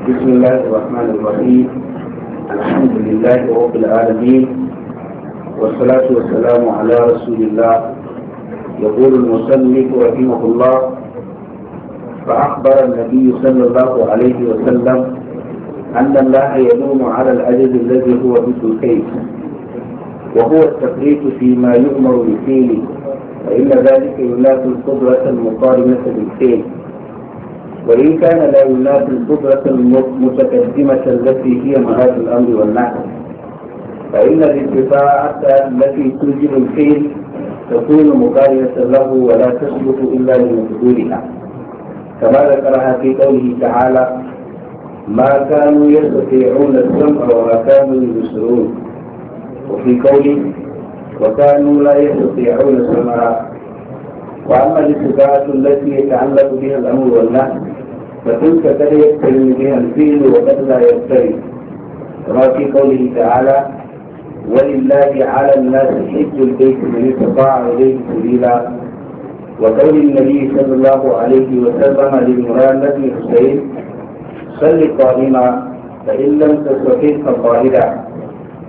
بسم الله الرحمن الرحيم الحمد لله رب العالمين والصلاة والسلام على رسول الله يقول المسلم رحمه الله فأخبر النبي صلى الله عليه وسلم أن الله يلوم على الأجل الذي هو مثل الكيف وهو التفريط فيما يؤمر بفعله فإن ذلك يلاقي القدرة المقارنة بالفعل وإن كان لا يناسب القدرة المتقدمة التي هي مهات الأمر والنحو فإن الارتفاعة التي تجد الفيل تكون مقارنة له ولا تثبت إلا لمقدورها كما ذكرها في قوله تعالى ما كانوا يستطيعون السمع وما كانوا يبصرون وفي قوله وكانوا لا يستطيعون السمع واما الاتباعات التي يتعلق بها الامر والنهي فتلك قد يقترن بها الفعل وقد لا يقترن كما في قوله تعالى ولله على الناس حج البيت من استطاع اليه سبيلا وقول النبي صلى الله عليه وسلم للمراد بن حسين صل قائما فان لم تستطيع فقائلا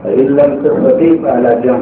فان لم تستطيع فعلى جنب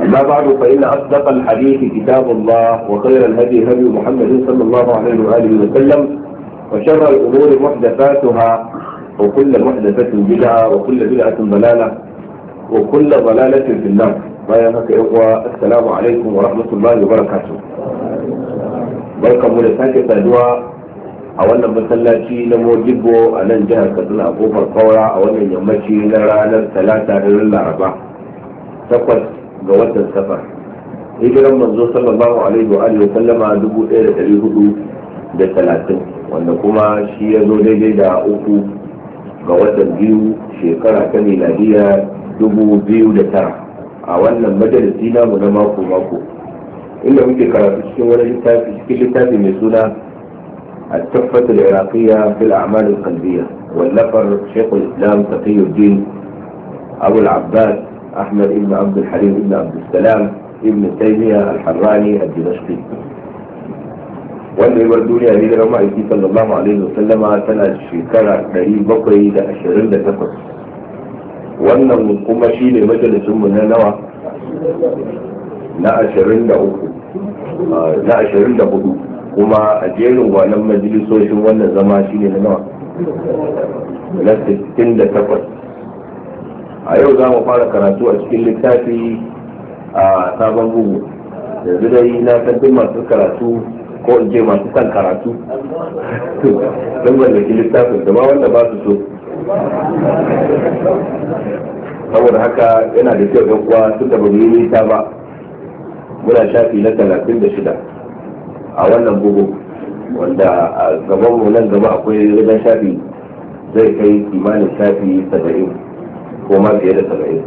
أما بعد فإن أصدق الحديث كتاب الله وخير الهدي هدي محمد صلى الله عليه وآله وسلم وشر الأمور محدثاتها وكل محدثة بدعة وكل بدعة ضلالة وكل ضلالة في النار بيانك إخوة السلام عليكم ورحمة الله وبركاته بركم ولساتي فدوى أولا wannan masallaci na mojibbo a nan أبو فالقورة أولا يمشي kaura a wannan yammaci ga watan safar hijiran manzo sallallahu alaihi wa alihi sallama dubu ɗaya da ɗari hudu da talatin wanda kuma shi ya zo daidai da uku ga watan biyu shekara ta miladiya dubu biyu da tara a wannan majalisi namu na mako mako inda muke karatu cikin wani littafi cikin littafi mai suna التحفة da في الأعمال القلبية واللفر شيخ الإسلام تقي الدين أبو abbas أحمد بن عبد الحليم بن عبد السلام ابن تيمية الحراني الدمشقي wanda ya bar duniya ne da ma'aiki sallallahu alaihi wa tana shekara takwas wannan kuma shi ne majalisun mu na nawa na 23 na hudu kuma a jerin gwanan majalisoshin wannan zama shi ne na nawa na takwas. a yau za mu fara karatu a cikin littafi a sabon bugu yanzu dai na san masu karatu ko in ce masu san karatu don ke littafin da ma wanda ba su so saboda haka yana da kyau uwa su da bugu yi ba muna shafi na talatin da shida a wannan bugu wanda a gaban mu nan gaba akwai wajen shafi zai kai kimanin shafi saba'in koma fiye da saba'in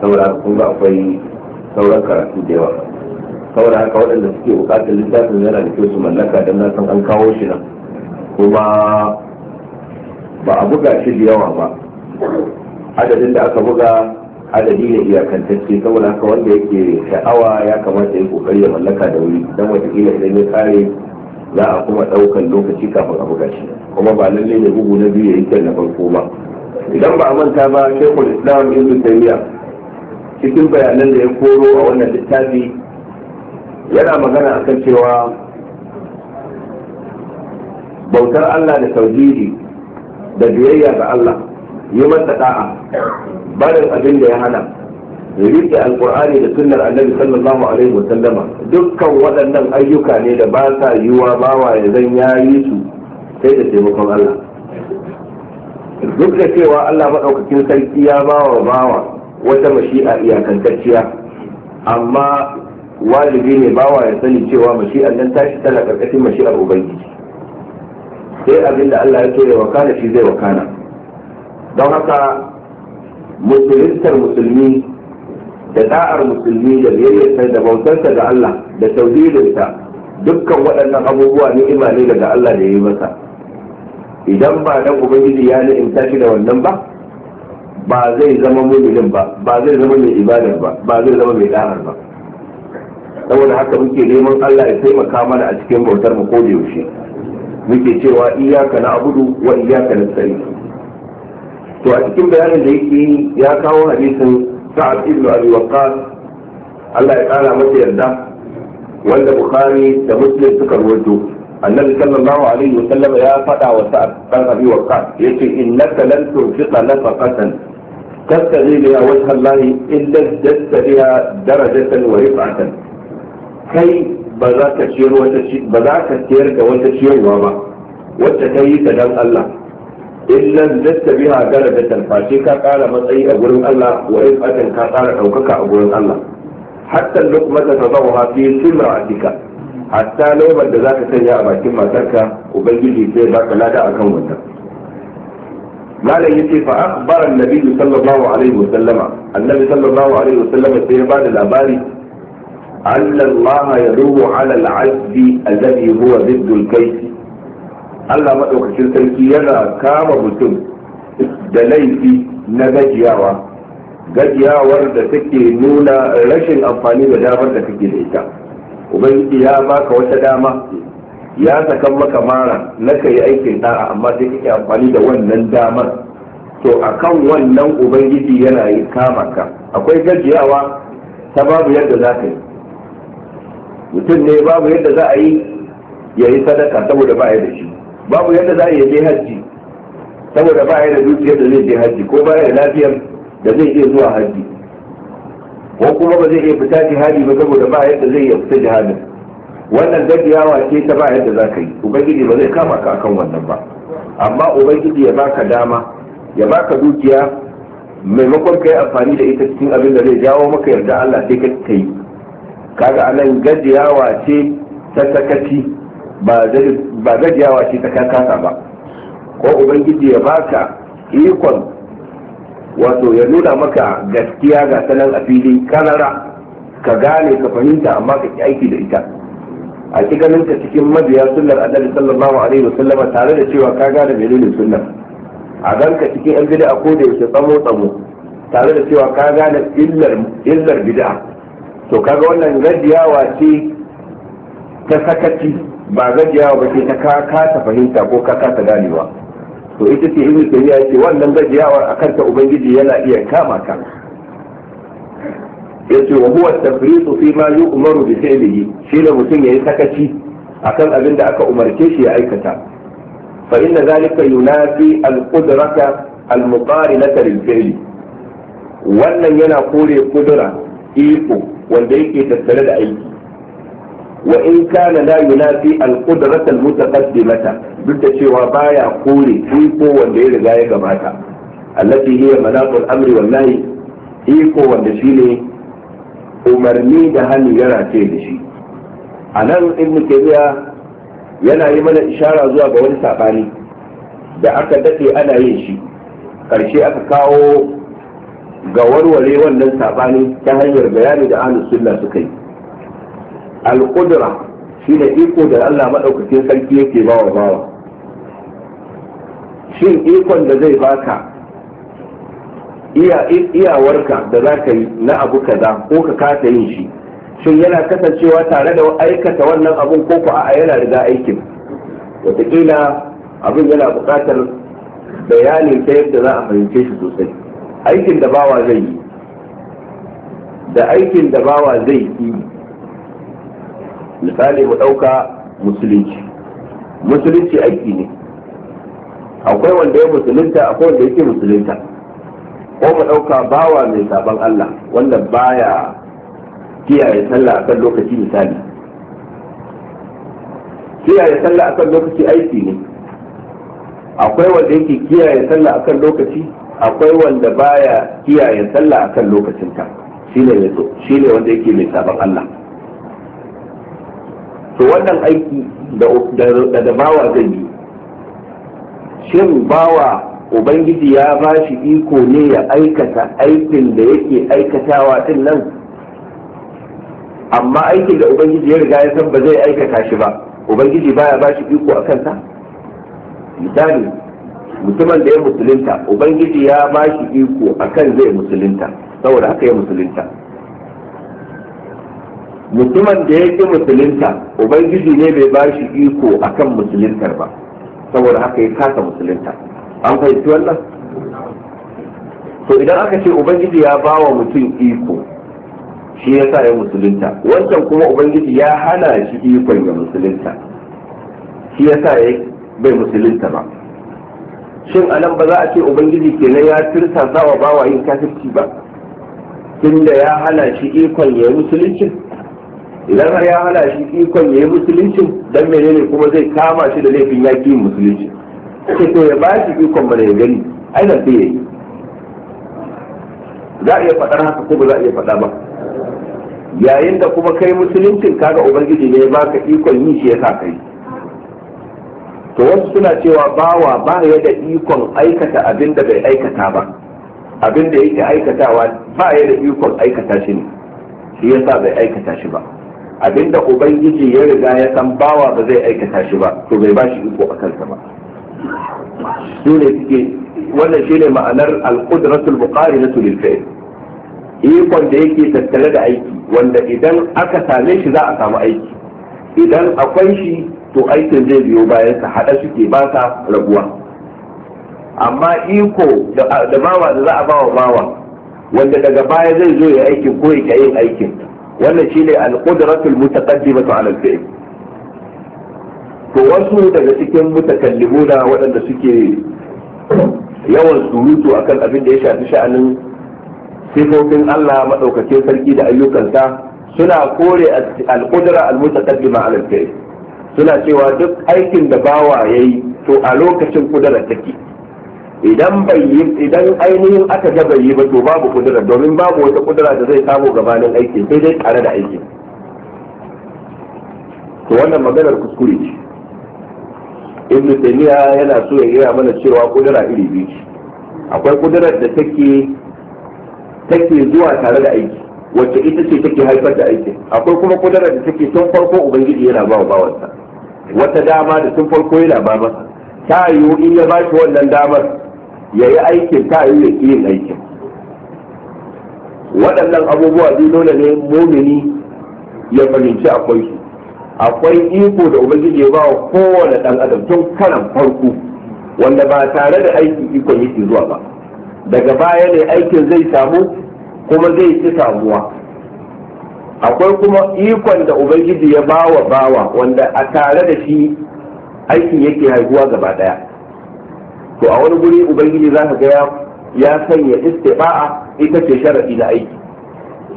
saboda kun ga akwai sauran karatu da yawa saboda haka waɗanda suke buƙatar littafin yana da kyau su mallaka don na san an kawo shi nan kuma ba a buga shi da yawa ba adadin da aka buga adadi ne iyakantacce saboda haka wanda yake sha'awa ya kamata ya kokari ya mallaka da wuri don watakila idan ya kare za a kuma ɗaukan lokaci kafin a buga shi kuma ba lallai da bugu na biyu ya yi na farko ba idan ba a manta ba shekul islam ibn taymiya cikin bayanan da ya koro a wannan littafi yana magana akan cewa bautar Allah da tauhidi da biyayya ga Allah yi masa da'a barin abin da ya hana riƙe alƙur'ani da sunnar annabi sallallahu alaihi wa sallama dukkan waɗannan ayyuka ne da ba sa yiwa bawa ya zan yayi su sai da taimakon Allah duk da cewa Allah maɗaukakin sarki ya ba wa bawa wata mashi'a iyakantacciya amma wajibi ne bawa ya sani cewa mashi'an nan tashi tana ƙarƙashin mashi'ar ubangiji sai abin da Allah ya ce ya wakana shi zai wakana don haka musulintar musulmi da da'ar musulmi da biyayyarsa da bautarsa ga Allah da tauhidinsa dukkan waɗannan abubuwa ni'ima ne daga Allah da ya yi masa idan ba dan ubangiji ya ni'imta shi da wannan ba ba zai zama muminin ba ba zai zama mai ibadar ba ba zai zama mai da'ar ba saboda haka muke neman Allah ya taimaka mana a cikin bautar mu ko da yaushe muke cewa iyyaka na'budu wa iyyaka nasta'in to a cikin bayanin da yake ya kawo hadisin Sa'ad ibn Abi Waqqas Allah ya kara masa yarda wanda Bukhari da Muslim suka rawaito annabi sallallahu alaihi wa sallam ya faɗa wa sa'ad dan abi waqqas yace innaka lan tunfiqa nafaqatan تبتغي بها وجه الله إلا ازددت بها درجة ورفعة كي بذاك تشير بذاك تشير وتشير وما وتكي تدم الله إلا ازددت بها درجة فاشيكا قال مطعي أقول الله ورفعة كقال أوكك أقول الله حتى اللقمة تضعها في سمرتك hatta laibar da za ka sanya a bakin matarka ubangiji sai baka lada kan wata malam yace fa'a baran nabi sallallahu alaihi wasallama annabi sallallahu alaihi wasallama sai ya bada labari ya الله alal على a الذي هو ضد الكيس Allah maɗaukacin sarki yana kama mutum da laifi na gajiyawa gajiyawar da take nuna rashin amfani da damar da kake da ita ubangiji ya baka wata dama ya sakan maka mara na ka yi aikin da'a amma sai kake amfani da wannan damar to akan wannan ubangiji yana yi kama ka akwai gajiyawa ta babu yadda za ka yi mutum ne babu yadda za a yi ya yi sadaka saboda ba ya da shi babu yadda za a yi je hajji saboda ba ya da dukiyar da zai je hajji ko ba ya da lafiyar da zai iya zuwa hajji ko kuma ba zai iya fita jihadi ba saboda ba yadda zai iya fita jihadin wannan gaggiyawa ce ta ba yadda za ka yi ubangiji ba zai kama ka akan wannan ba amma ubangiji ya baka dama ya baka dukiya maimakon ka yi amfani da ita cikin abin da zai jawo maka yarda Allah sai ka ta kaga anan gajiyawa ce ta sakaci ba gajiyawa ce ta kakasa ba ko ubangiji ya baka ikon wato ya nuna maka gaskiya ga sanan a fili kanara ka gane ka fahimta amma ka ki aiki da ita a ganin ka cikin mabiya sunnar annabi sallallahu alaihi wa sallama tare da cewa ka gane menene sunnar a ganka cikin yan bid'a ko da yake tsamo tsamo tare da cewa ka gane illar illar bid'a to kaga wannan gajiyawa ce ta sakaci ba gajiyawa ba ce ta ka kasa fahimta ko ka kasa ganewa to ita ce ibnu tayyiba ce wannan gajiyawar akan ta ubangiji yana iya kama ka yace wa huwa tafriṭu fi ma yu'maru bi fi'lihi shi da mutum yayi sakaci akan abin da aka umarce shi ya aikata fa inna zalika yunafi al-qudrata al-muqarinata lil fi'li wannan yana kore kudura iko wanda yake tattare da aiki wa in kana la yunafi al-qudrat al-mutaqaddimata duk da cewa baya kore iko wanda ya riga ya gabata allati hiya manaqul amri wallahi iko wanda shine umarni da hali ya race da shi anan ibnu tabiya yana yi mana ishara zuwa ga wani sabani da aka dade ana yin shi karshe aka kawo ga warware wannan sabani ta hanyar bayani da ahlus sunna suka yi al shi ne iko da Allah maɗaukacin sarki yake ba wa bawa shin ikon da zai baka iya iyawarka da za ka yi na abu kaza ko ka kasa yin shi shin yana kasancewa tare da aikata wannan abun ko ku a yana riga aikin wataƙila abin yana buƙatar bayanin ta yadda za a fahimce shi sosai aikin da bawa zai yi da aikin da bawa zai yi misali mu ɗauka musulunci musulunci aiki ne akwai wanda ya musulunta akwai wanda yake musulunta ko mu ɗauka bawa mai sabon Allah wanda baya kiyaye sallah akan lokaci misali kiyaye sallah akan lokaci aiki ne akwai wanda yake kiyaye sallah akan lokaci akwai wanda baya kiyaye sallah akan lokacinta shine yazo shine wanda yake mai sabon Allah to wannan aiki da bawa zai yi shin bawa ubangiji ya ba shi iko ne ya aikata aikin da yake aikatawa din nan amma aikin da ubangiji ya riga ya san ba zai aikata shi ba ubangiji baya ba shi iko a kansa misali mutumin da ya musulunta ubangiji ya ba shi iko akan zai musulunta saboda haka ya musulunta mutumin da ya ƙi musulunta ubangiji ne bai ba shi iko akan musuluntar ba saboda haka ya kasa musulunta an fahimci wannan to idan aka ce ubangiji ya ba wa mutum iko shi ya sa ya musulunta wancan kuma ubangiji ya hana shi ikon ya musulunta shi ya sa ya bai musulunta ba shin anan ba za a ce ubangiji kenan ya tirsa wa bawa yin kafirci ba tunda ya hana shi ikon ya yi musulunci idan har ya hana shi ikon ya yi musulunci dan menene kuma zai kama shi da laifin ya ki musulunci sai to ya ba shi ikon mana ya gani ai nan sai ya yi za a iya faɗar haka ko ba za a iya faɗa ba yayin da kuma kai musuluncin kaga ubangiji ne ya baka ikon yi shi ya sa kai to wasu suna cewa bawa ba ya da ikon aikata abin da bai aikata ba abin da yake aikatawa ba ya da ikon aikata shi ne shi yasa bai aikata shi ba abinda ubangiji ya riga ya san bawa ba zai aikata shi ba to bai bashi iko a kansa ba su suke wannan shi ne ma'anar alkudratul buƙari na tulil fa'il ikon da yake tattare da aiki wanda idan aka same shi za a samu aiki idan akwai shi to aikin zai biyo bayan sa hada suke ba sa rabuwa amma iko da bawa da za a bawa bawa wanda daga baya zai zo ya aikin ko ya yin aikin wannan shine al-qudratul mutaqaddimatu ala al-fi'l to wasu daga cikin mutakallimuna waɗanda suke yawan surutu akan abin da ya shafi sha'anin sifofin Allah madaukakin sarki da ayyukansa suna kore al-qudra al-mutaqaddima ala al-fi'l suna cewa duk aikin da bawa yayi to a lokacin kudarar take idan idan ainihin aka ga bai yi ba to babu kudura domin babu wata kudura da zai samu gabanin aiki sai dai tare da aiki. to wannan maganar kuskure ce ibnu taymiya yana so ya gaya mana cewa kudura iri biyu ce akwai kudurar da take take zuwa tare da aiki wacce ita ce take haifar da aiki. akwai kuma kudurar da take tun farko ubangiji yana ba wa bawansa wata dama da tun farko yana ba masa ta yiwu in ya ba shi wannan damar ya yi aikin ta yi ya ƙi aikin waɗannan abubuwa biyu dole ne mumini ya fahimci akwai su akwai iko da ubangiji ya ba wa kowane ɗan adam tun karan farko wanda ba tare da aiki ikon yake zuwa ba daga baya ne aikin zai samu kuma zai ci samuwa akwai kuma ikon da ubangiji ya ba wa bawa wanda a tare da shi aikin yake haihuwa gaba ɗaya to a wani guri ubangiji za ka ga ya sanya istifa'a ita ce sharadi da aiki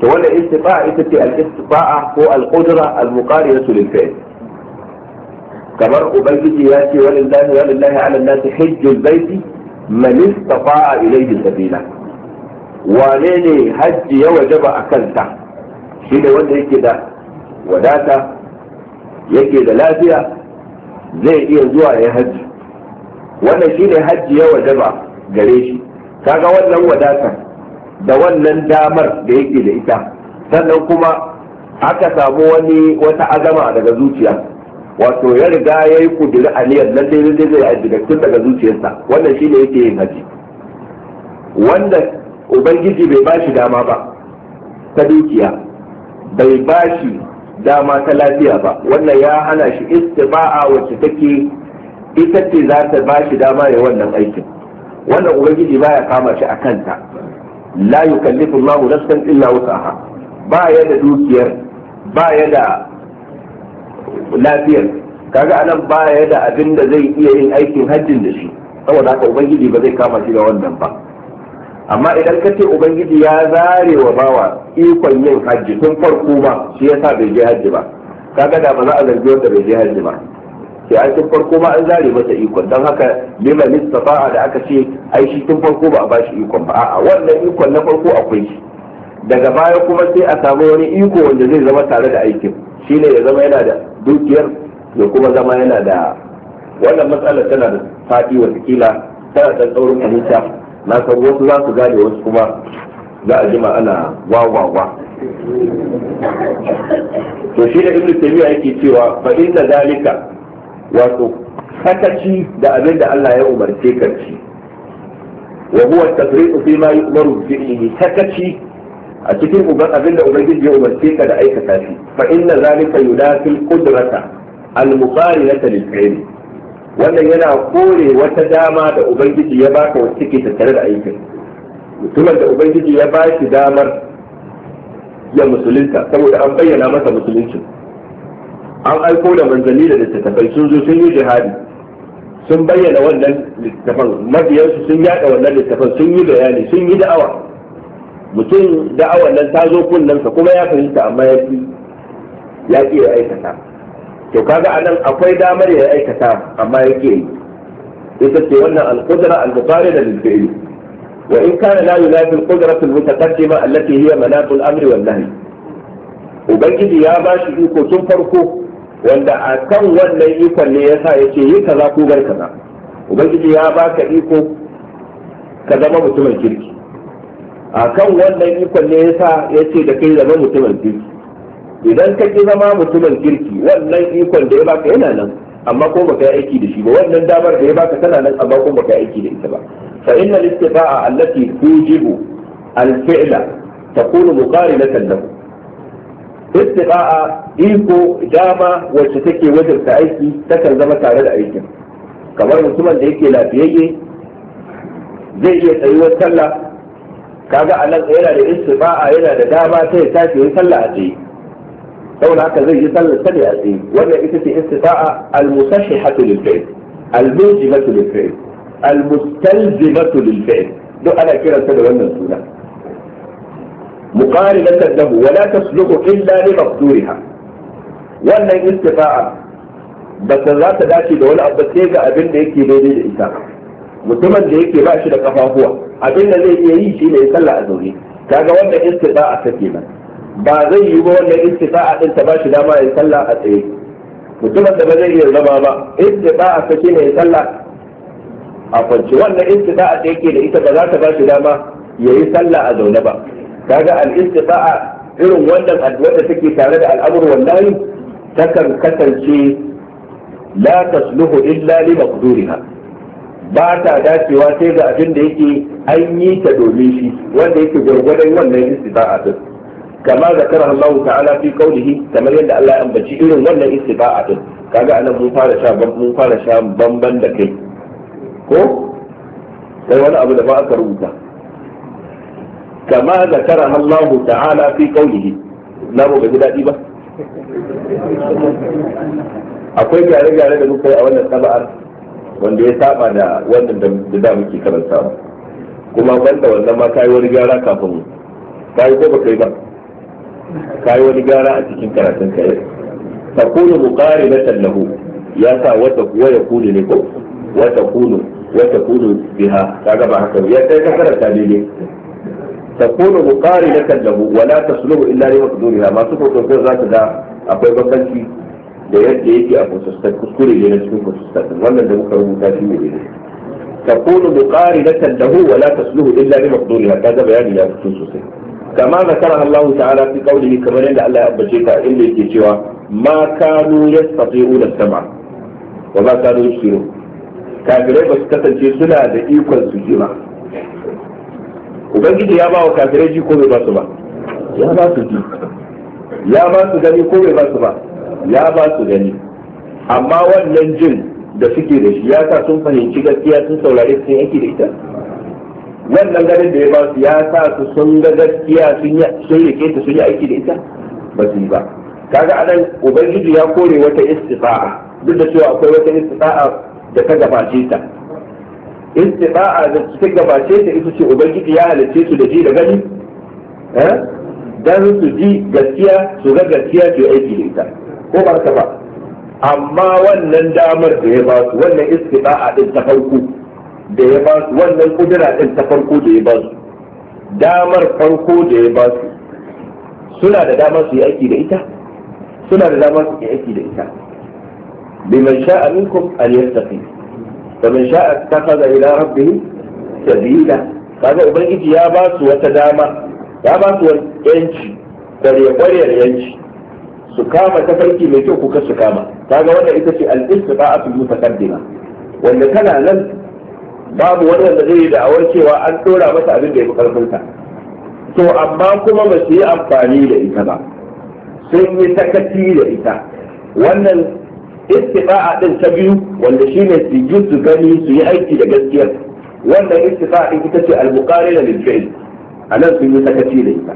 to wannan istifa'a ita ce al-istifa'a ko al-qudra al-muqariyatu lil fi'l kamar ubangiji ya ce walillahi lillahi ala an-nasi hajjul baiti man istafa'a ilayhi sabila wane ne hajji ya wajaba a kanta shi ne wanda yake da wadata yake da lafiya zai iya zuwa ya hajji wannan shine hajji ya wajaba gare shi kaga wannan wadatar da wannan damar da yake da ita sannan kuma aka samu wani wata azama daga zuciya wato ya riga ya yi kudiri aniyar lalle lalle zai hajji da tun daga zuciyarsa wannan shine yake yin hajji wanda ubangiji bai ba shi dama ba ta dukiya bai ba shi dama ta lafiya ba wannan ya hana shi istima'a wacce take ita ce za ta ba shi dama ya wannan aikin wannan ubangiji ba ya kama shi a kanta la yukallifu Allahu nafsan illa wusaha ba ya da dukiyar ba ya da lafiyar kaga anan ba ya da abin da zai iya yin aikin hajjin da shi saboda haka ubangiji ba zai kama shi da wannan ba amma idan ka ce ubangiji ya zare wa bawa ikon yin hajji tun farko ba shi yasa bai je hajji ba kaga da ba za a zargi wanda bai je hajji ba sai ai tun farko ma an zare masa ikon don haka liman istafa'a da aka ce ai shi tun farko ba a ba shi ikon ba a'a wannan ikon na farko akwai shi daga baya kuma sai a samu wani iko wanda zai zama tare da aikin shine ya zama yana da dukiyar ya kuma zama yana da wannan matsalar tana da fadi watakila tana da tsaurin fahimta na san wasu za su gane wasu kuma za a jima ana wawawa to shi da ibnu taymiya yake cewa fa inna zalika wato sakaci da abin da Allah ya umarce ka ci wa huwa at-tafriq fi ma yu'maru bihi sakaci a cikin uban abin da ubangiji ya umarce ka da aikata shi fa inna zalika yudafil qudrata al-muqarinata lil fi'li wannan yana kore wata dama da ubangiji ya baka wacce ke tattare da aikin mutumin da ubangiji ya ba damar ya musulunta saboda an bayyana masa musuluncin an aiko da manzanni da littattafai sun zo sun yi jihadi sun bayyana wannan littattafan mabiyansu sun yada wannan littattafan sun yi bayani sun yi da'awa mutum da'awan nan ta zo kunnensa kuma ya fahimta amma ya fi ya ƙi ya aikata to kaga anan akwai damar ya aikata amma ya ƙi yi. ita ce wannan al-qudra al-muqarrida lil fi'l wa in kana la yunafi al-qudra al-mutaqaddima allati hiya manat al-amri wal nahy ubangiji ya ba shi iko tun farko wanda a kan wannan ikon ne ya sa ya ce yi kaza ko bar kaza ubangiji ya baka iko ka zama mutumin kirki a kan wannan ikon ne ya sa ya ce da kai zama mutumin kirki idan ka ki zama mutumin kirki wannan ikon da ya baka yana nan amma ko baka yi aiki da shi ba wannan damar da ya baka tana nan amma ko baka yi aiki da ita ba fa inna al allati tujibu al-fi'la taqulu muqarinatan lahu istiqa'a iko dama wacce take wajabta aiki takan zama tare da aikin kamar mutumin da yake lafiyayye zai iya tsayuwar sallah kaga a nan yana da istiqa'a yana da dama sai ya tashi ya sallah a tsaye saboda haka zai yi sallar sani a tsaye wannan ita ce istiqa'a al-musahhihatu lil fi'l al-mujibatu lil fi'l al-mustalzimatu lil fi'l duk ana kiranta da wannan suna muqarilatan lahu wa la tasluhu illa li maqduriha wannan istifa'a ba ta za ta dace da wani abu sai ga abin da yake daidai da mutumin da yake ba shi da kafafuwa abin zai iya yi shi ne sallah a zaune kaga wannan istifa'a ta kenan ba zai yi ba wannan istifa'a din ta ba shi dama ya sallah a tsaye mutumin da ba zai iya zama ba istifa'a ta shine ya sallah a kwance wannan istifa'a da yake da ita ba za ta ba shi dama ya yi sallah a zaune ba kaga al irin wannan addu'a take tare da al'amur wallahi takan kasance la tasluhu illa li maqduriha ba ta dacewa sai ga abin da yake an yi ta domin shi wanda yake gwargwadon wannan istifa'a din kama zakara Allah ta'ala fi qawlihi kamar yadda Allah ya ambaci irin wannan istifa'a din kaga anan mun fara sha mun fara sha banban da kai ko sai wani abu da ba aka rubuta kama zakara Allah ta'ala fi qawlihi na ba ji dadi ba akwai gyare-gyare da muka yi a wannan taba'ar wanda ya saba da wannan da da muke karanta kuma banda wannan ma kai wani gyara kafin kai ko baka yi ba kai wani gyara a cikin karatun kai takunu muqarinatan lahu ya sa wata kuwa ya kunu ne ko wata kunu wata kunu biha kaga ba haka ya kai ka karanta daidai تكون مقارنة له ولا تسلوه إلا illa li maqduriha masu fotokin za ta da akwai da yadda yake a fotokin kuskure ne na cikin fotokin wannan da muka rubuta shi ne takunu muqarinatan lahu wa la tasluhu illa li maqduriha kaga bayani ya sosai كما ذكرها الله تعالى في قوله كما yake الله أبجيك إلا يكيشوا ما كانوا يستطيعون السمع وما كانوا ba su kasance suna da ikon su سجيما ubangiji ya ba wa kafirai ji ko bai ba su ba ya ba su ji ya ba su gani ko bai ba su ba ya ba su gani amma wannan jin da suke da shi ya sa sun fahimci gaskiya sun saurare sun yake da ita wannan ganin da ya ba su ya sa su sun ga gaskiya sun rike ta sun yi aiki da ita ba su yi ba kaga anan ubangiji ya kore wata istifa'a duk da cewa akwai wata istifa'a da ta gabace ta istifa'a da take gabace ta ita ce ubangiji ya halicce su da ji da gani eh? dan su ji gaskiya su ga gaskiya su aiki da ita ko ba ka ba amma wannan damar da ya ba su wannan istifa'a din ta farko da ya ba su wannan kudura din ta farko da ya ba su damar farko da ya ba su suna da damar su yi aiki da ita suna da damar su yi aiki da ita biman sha'a minkum an yastaqim famin sha'a ta kaza ila rabbihi sabila kaga ubangiji ya ba su wata dama ya ba su wani yanci kware-kwaryar yanci su kama tafarki mai kyau kuka su kama kaga wannan ita ce al-istifa'atul mutaqaddima wanda kana nan babu wani wanda zai da awar cewa an dora masa abin da ya fi karfin to amma kuma ba su yi amfani da ita ba sun yi sakaci da ita wannan istifa'a din ta biyu wanda shine su yi su gani su yi aiki da gaskiya wannan istifa'a din ita ce al-muqarina lil fi'l anan sun yi sakaci da ita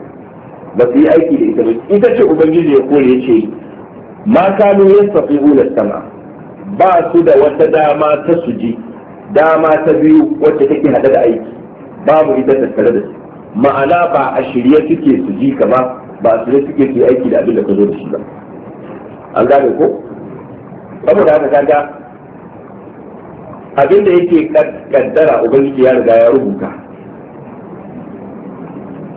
ba su yi aiki da ita ba ita ce ubangiji ya kore ya ce ma kanu yastafi'una sama ba su da wata dama ta suji dama ta biyu wacce take hada da aiki babu ita tattare da su ma'ana ba a shirye suke su ji kama ba su ne suke su yi aiki da abin da ka zo da shi ba an gane ko saboda haka kaga abinda yake kaddara ubangiji ya riga ya rubuta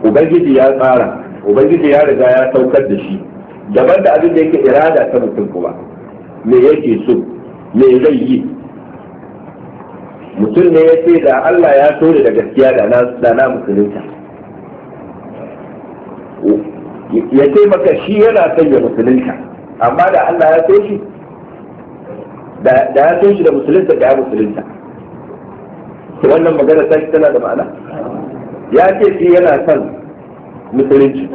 ubangiji ya tsara ubangiji ya riga ya saukar da shi daban da abin da yake irada ta mutum kuma me yake so me zai yi mutum ne ya ce da Allah ya so da gaskiya da na da na musulunta ya ce maka shi yana son ya musulunta amma da Allah ya so shi da ya so shi da musulunta da ya musulunta to wannan magana ta tana da ma'ana ya ce shi yana son musulunci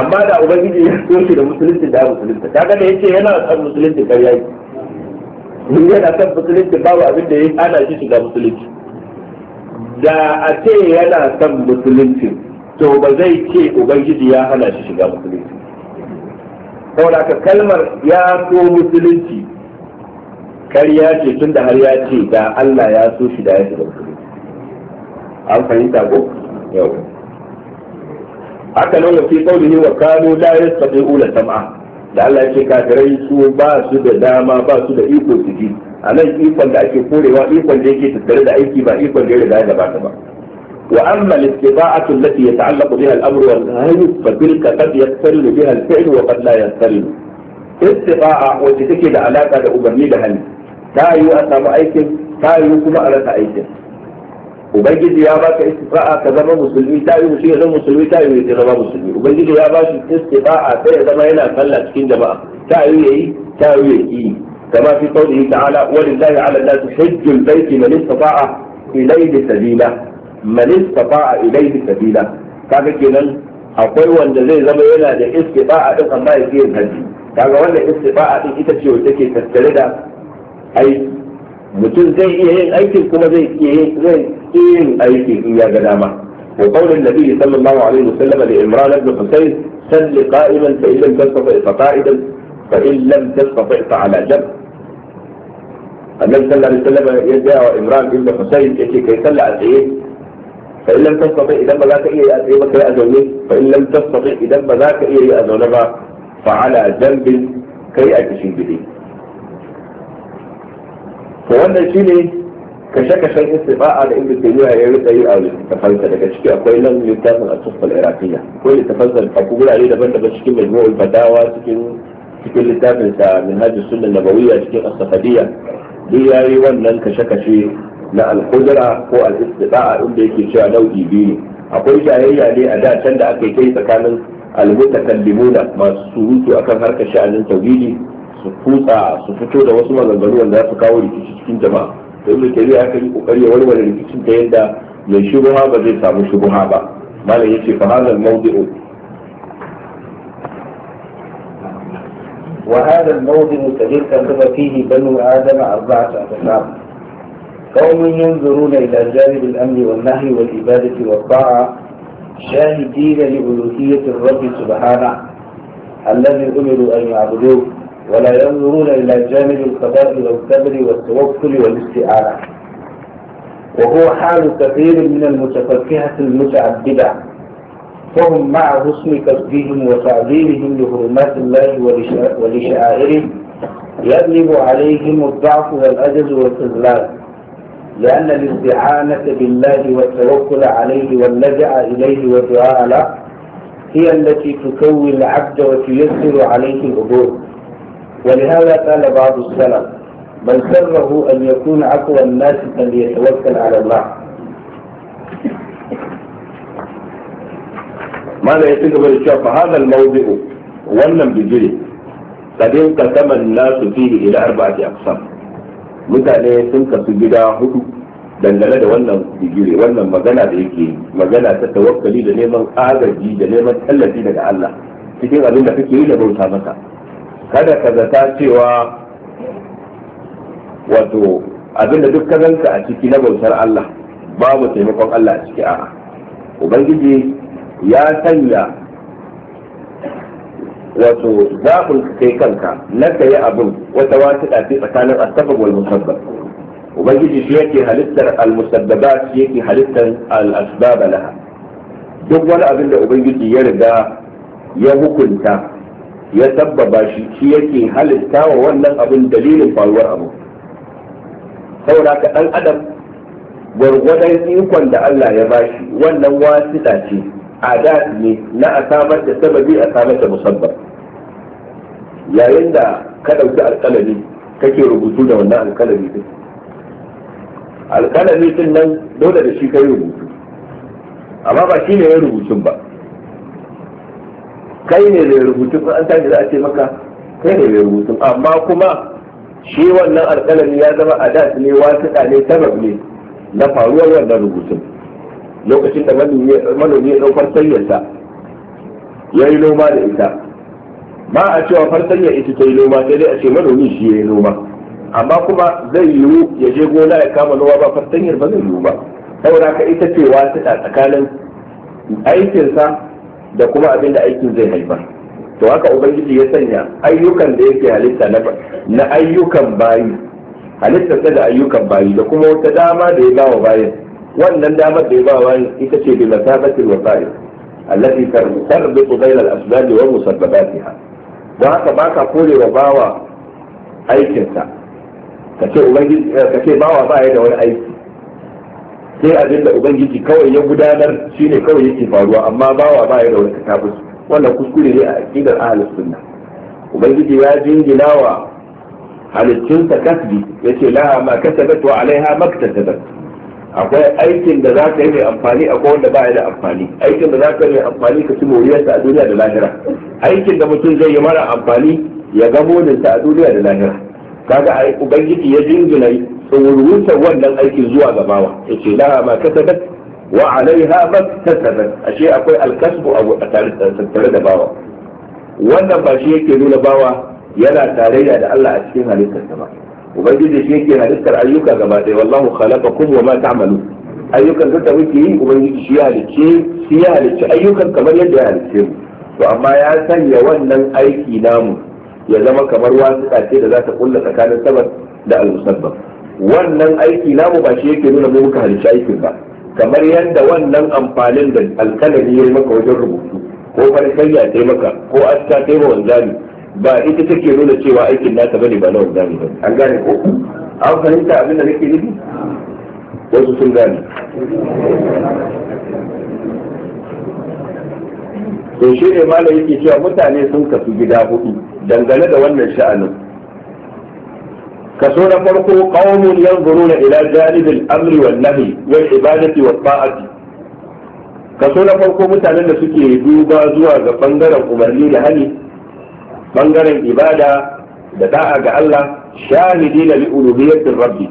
amma da ubangiji ya so shi da musulunci da ya musulunta ta gada da ce yana son musulunci kar yayi in yana son musulunci babu abin da ya hana shi shiga musulunci da a ce yana son musulunci to ba zai ce ubangiji ya hana shi shiga musulunci saboda ka kalmar ya so musulunci Karya ce tun da har ya ce da Allah ya so shi da ya shiga an fahimta ko yau haka nan wasi kaulihi wa kanu la sam'a da Allah ce kafirai su ba su da dama ba su da iko su ji a nan ikon da ake korewa ikon da yake tattare da aiki ba ikon da ya riga ya gabata ba وأما الاستطاعة التي يتعلق بها الأمر والنهي فتلك قد يقترن بها الفعل وقد لا da استطاعة da علاقة da hali. ta yi a samu aikin ta yi kuma a rasa aikin ubangiji ya ba ka istifa'a ka zama musulmi ta yi mutum ya zama musulmi ta yi ya zama musulmi ubangiji ya bashi istifa'a sai ya zama yana sallah cikin jama'a ta yi ya yi ta yi yayi كما في قوله تعالى ولله على الناس حج البيت من استطاع إليه سبيلا من استطاع إليه سبيلا kaga kenan akwai wanda zai zama yana da istifa'a din amma ya yin haji kaga wannan istifa'a din ita ce wacce take tattare da ai mutum zai iya yin aikin kuma zai iya yin aikin in ya ga dama وقول النبي صلى الله عليه وسلم لعمران بن حسين سل قائما فان لم تستطع فقائدا فان لم تستطع فعلى جنب النبي صلى الله عليه وسلم يدعى عمران بن حسين يجي كي سل على فان لم تستطع اذا ما ذاك ايه اتيه بك يا فان لم تستطع اذا ما ذاك ايه يا إيه فعلى جنب كي اتشي بديه to wannan ne kashe-kashen istifa'a da ibn tayyiba ya rika yi a littafansa daga ciki akwai nan littafin a tuffa iraqiyya akwai littafansa a gurare daban-daban cikin majmu'ul fatawa cikin cikin littafin sa hajji sunna nabawiyya cikin as-safadiyya duk yayi wannan kashe-kashe na al-qudra ko al-istifa'a inda yake cewa nau'i biyu ne akwai jayayya ne a da can da aka yi kai tsakanin al-mutakallimuna masu surutu akan harkar sha'anin tauhidi su kutsa su fito da wasu maganganu wanda za su kawo rikici cikin jama'a da ibnu taymiya ya yi kokari ya wani rikicin ta yadda mai shubuha ba zai samu shubuha ba malam yace fa hadal mawdi'u وهذا الموضع تجسد فيه بنو آدم أربعة أقسام قوم ينظرون إلى جانب الأمن والنهي والإبادة والطاعة شاهدين لألوهية الرب سبحانه الذي أمروا أن يعبدوه ولا ينظرون إلى جانب القضاء والقدر والتوكل والاستعانة وهو حال كثير من المتفكهة المتعبدة فهم مع حسن قصدهم وتعظيمهم لحرمات الله ولشعائره يغلب عليهم الضعف والعجز والخذلان لأن الاستعانة بالله والتوكل عليه واللجأ إليه والدعاء له هي التي تكوي العبد وتيسر عليه الأمور ولهذا قال بعض السلف بل سره أن يكون أقوى الناس من يتوكل على الله ماذا يتجب للشيخ هذا الموضع ولم بجري قد انقسم الناس فيه إلى أربعة أقسام mutane sun kasu gida hudu dangane da wannan digiri wannan magana da yake magana ta tawakkali da neman agaji da neman tallafi daga Allah cikin abin da kake yi da bauta masa kada ka zata cewa wato abinda duk ka zanka a ciki na bautar Allah babu taimakon Allah a ciki a'a ubangiji ya sanya wato zaɓin kai kanka na ka yi abin wata wata ɗafi tsakanin asabab wal musabbab ubangiji shi yake halittar al-musabbabat shi yake halittar al-asbab laha duk wani abin da ubangiji ya riga ya hukunta ya sabbaba shi shi yake halitta wa wannan abin dalilin faruwar abu saboda ka dan adam gwargwadon ikon da Allah ya bashi wannan wasita ce da ne na a samar da sababi a samar da musabbab yayin da ka ɗauki alƙalami kake rubutu da wannan alƙalami din alƙalami din nan dole da shi kai rubutu amma ba shi ne ya rubutun ba kai ne mai rubutun an tashi za a ce maka kai ne mai rubutun amma kuma shi wannan alƙalami ya zama a da ne wasiƙa ne sabab ne na faruwar wannan rubutun lokacin da manomi ya ɗaukar sanyarsa ya yi noma da ita ba a cewa fartanya ita ta yi noma sai dai a ce manomi shi ya yi noma amma kuma zai yiwu ya je gona ya kama noma ba fartanyar ba zai yiwu ba saboda ka ita ce wasiƙa tsakanin aikinsa da kuma abin da aikin zai haifar to haka ubangiji ya sanya ayyukan da yake halitta na ayyukan bayi halittarsa da ayyukan bayi da kuma wata dama da ya ba wa bayan wannan damar da ya ba bayan ita ce bi masabatil wasail allati tarbitu bayna al-asbab wa musabbabatiha da haka baka kore wa bawa aikinsa kace ubangiji eh, kace bawa ba ya da wani aiki sai abinda ubangiji kawai ya gudanar shine kawai yake faruwa amma bawa ba ya da wani katabus wannan kuskure ne a aqidar ahlus sunna ubangiji ya jingina wa halittunsa kasbi yace la ma kasabat wa alaiha maktasabat akwai aikin da za ka yi mai amfani akwai wanda ba ya da amfani aikin da za ka yi mai amfani ka ci moriyarsa a duniya da lahira aikin da mutum zai yi mara amfani ya ga molinsa a duniya da lahira kaga ai ubangiji ya jingina tsorurutar wannan aikin zuwa ga bawa ce laha ma kasabat wa alaiha ma kasabat ashe akwai alkasbu a tattare da bawa wannan ba shi yake nuna bawa yana tarayya da Allah a cikin ta ba ubangiji shi yake halittar ayyuka gaba ɗaya wallahu khalaqakum wa ma ta'malu ayyukan da ta muke yi ubangiji shi ya halicce shi ya halicce ayyukan kamar yadda ya halicce mu to amma ya sanya wannan aiki namu ya zama kamar wasu ce da za ta kulla tsakanin sabar da al-musabbab wannan aiki namu ba shi yake nuna mu muka halicci aikin ba kamar yadda wannan amfanin da alkalami ya yi maka wajen rubutu ko farkayya ta maka ko aska ta ma wanzami ba ita take nuna cewa aikin nata bane ba na wanzami ba an gane ko an fahimta abin da nake nufi wasu sun gane to shi ne malam yake cewa mutane sun kasu gida hudu dangane da wannan sha'anin kaso na farko qaumun yanzuruna ila janib al-amri wal nahi wal ibadati wat ta'ati kaso na farko mutanen da suke duba zuwa ga bangaren umarni da hali, bangaren ibada da da'a ga Allah shahidina li uluhiyyatir rabbi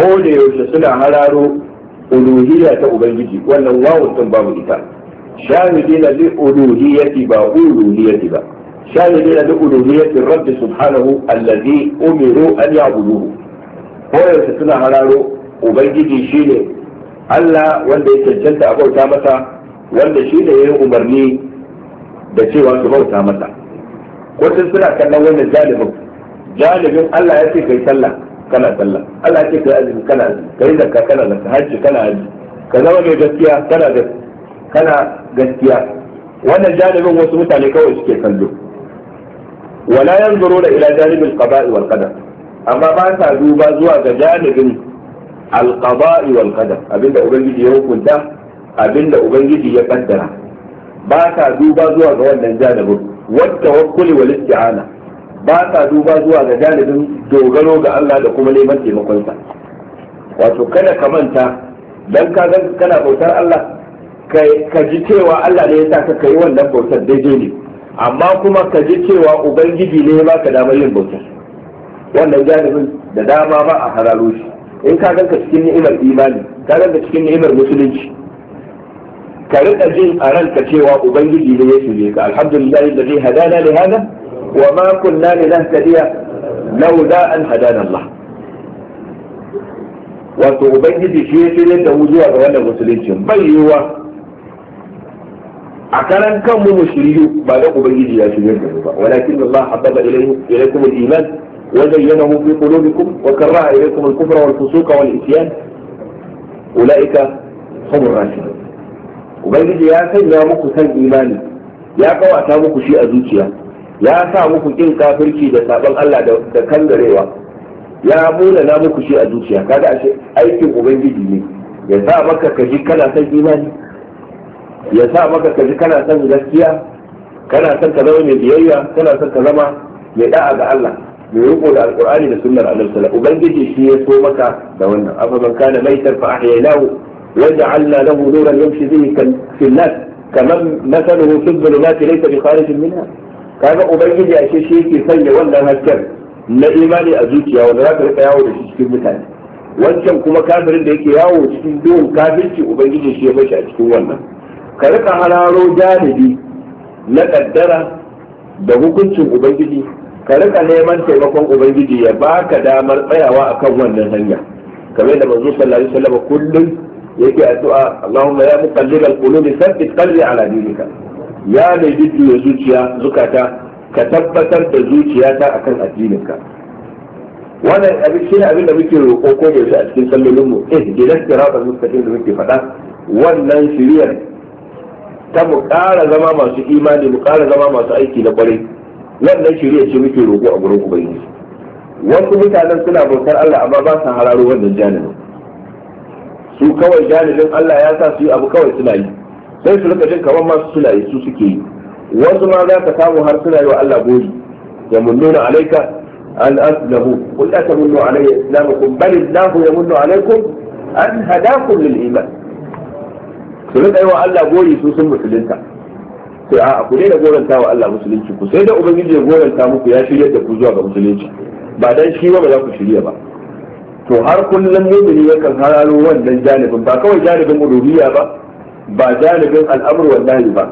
ko da yaushe suna hararo uluhiyya ta ubangiji wannan wawun babu ita shahidina li uluhiyyati ba uluhiyyati ba شاهدين بألوهية الرب سبحانه الذي أمروا أن يعبدوه هو يستطيع هلالو وبنجي شيني Allah wanda ya cancanta a bauta masa wanda shi ne ya yi umarni da cewa su bauta masa wasu suna kallon wannan jalibin jalibin Allah ya ce kai sallah kana sallah Allah ya ce kai azumi kana azumi kai zakka kana zakka hajji kana hajji ka zama mai gaskiya kana kana gaskiya wannan jalibin wasu mutane kawai suke kallo wala da ila janibil qada'i wal qadar amma ba ta duba zuwa ga janibin al qada'i wal qadar abinda ubangiji ya hukunta abinda ubangiji ya kaddara ba ta duba zuwa ga wannan janibin wata wakkuli wal isti'ana ba ta duba zuwa ga janibin dogaro ga Allah da kuma neman taimakon sa wato kada ka manta dan ka kana bautar Allah ka ji cewa Allah ne ya saka ka kai wannan bautar daidai ne amma kuma ka ji cewa ubangiji ne ba ka damar yin bauta wannan jami'in da dama ba a hararo shi in ka ganka cikin ni'imar imani ka ganka cikin ni'imar musulunci ka rika jin a ranka cewa ubangiji ne ya shige ka alhamdulillah zai hadana da hada wa ma kunna linahtadiya da an hadana Allah wato ubangiji shi ya shirye da mu zuwa ga wannan musulunci bai yiwuwa a karan kan mu shiryu ba da ubangiji ya shirye da ba walakin Allah habbaba ilaykum al-iman wa zayyanahu fi qulubikum wa karaha ilaykum al-kufra wal fusuqa wal isyan ulaika hum ar-rashidun ubangiji ya sanya muku san imani ya kawata muku shi a zuciya ya sa muku kin kafirci da sabon Allah da kangarewa ya na muku shi a zuciya kada ashe aikin ubangiji ne ya sa maka ka ji kana san imani ya sa maka ka ji kana son gaskiya kana son ka zama mai biyayya kana son ka zama mai da'a ga Allah mai riko da alkur'ani da sunnar annabi sallallahu ubangiji shi ya so maka da wannan afa man kana maitan fa ahyaynahu wa ja'alna lahu nuran yamshi bihi fil nas kaman mathaluhu fi dhulumati laysa bi kharij minha kaga ubangiji ashe shi yake sanya wannan hasken na imani a zuciya wanda za ka rika yawo da shi cikin mutane wancan kuma kafirin da yake yawo cikin duhun kafirci ubangiji shi ya bashi a cikin wannan ka rika hararo janibi na kaddara da hukuncin ubangiji ka rika neman taimakon ubangiji ya baka damar tsayawa akan wannan hanya kamar da manzo sallallahu alaihi wasallam kullum yake addu'a Allahumma ya al qulubi thabbit qalbi ala dinika ya mai jujjuya zuciya zukata ka tabbatar da zuciyata akan addininka wannan abin shi ne abin da muke roƙo ko yaushe a cikin sallolinmu eh gidan siratal mustaqim da muke faɗa wannan shiriyar ta mu ƙara zama masu imani mu ƙara zama masu aiki na nan da shirya ce muke roƙo a gurin ubangiji wasu mutanen suna bautar Allah amma ba su hararo wannan janibin su kawai janibin Allah ya sa su yi abu kawai suna yi sai su rika jin kamar masu suna yi su suke yi wasu ma za ka samu har suna yi wa Allah gori ya munnuna alaika an aslahu qul la tamunnu alayya islamakum bal illahu yamunnu alaykum an hadakum lil iman su rika yi wa Allah gori su sun musulunta sai a ku da goranta wa Allah musulunci ku sai da ubangiji ya goranta muku ya shirya da ku zuwa ga musulunci ba dan shi ba ba za ku shirya ba to har kullum mumini yakan hararo wannan janibin ba kawai janibin uluhiyya ba ba janibin al'amur wallahi ba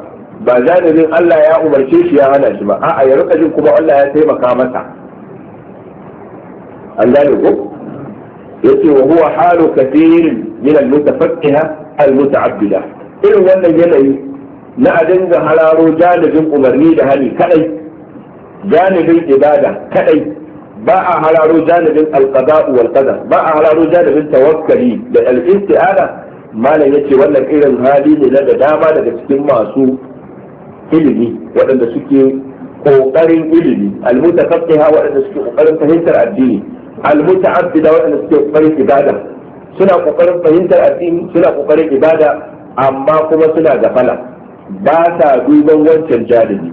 ba janibin Allah ya umarce shi ya hana shi ba a'a ya rika jin kuma Allah ya taimaka masa Allah ne ko yace wa huwa halu kathirin min al-mutafaqqiha al-muta'abbida irin wannan yanayi na a dinga hararo janibin umarni da hali kadai janibin ibada kadai ba a hararo janibin alqada wal qadar ba a hararo janibin tawakkali da al-isti'ana malam yace wannan irin hali ne na da dama daga cikin masu ilimi waɗanda suke kokarin ilimi almutafaqqiha waɗanda suke kokarin fahimtar addini almuta'abbida waɗanda suke kokarin ibada suna kokarin fahimtar addini suna kokarin ibada amma kuma suna gafala ba sa duban wancan jalibi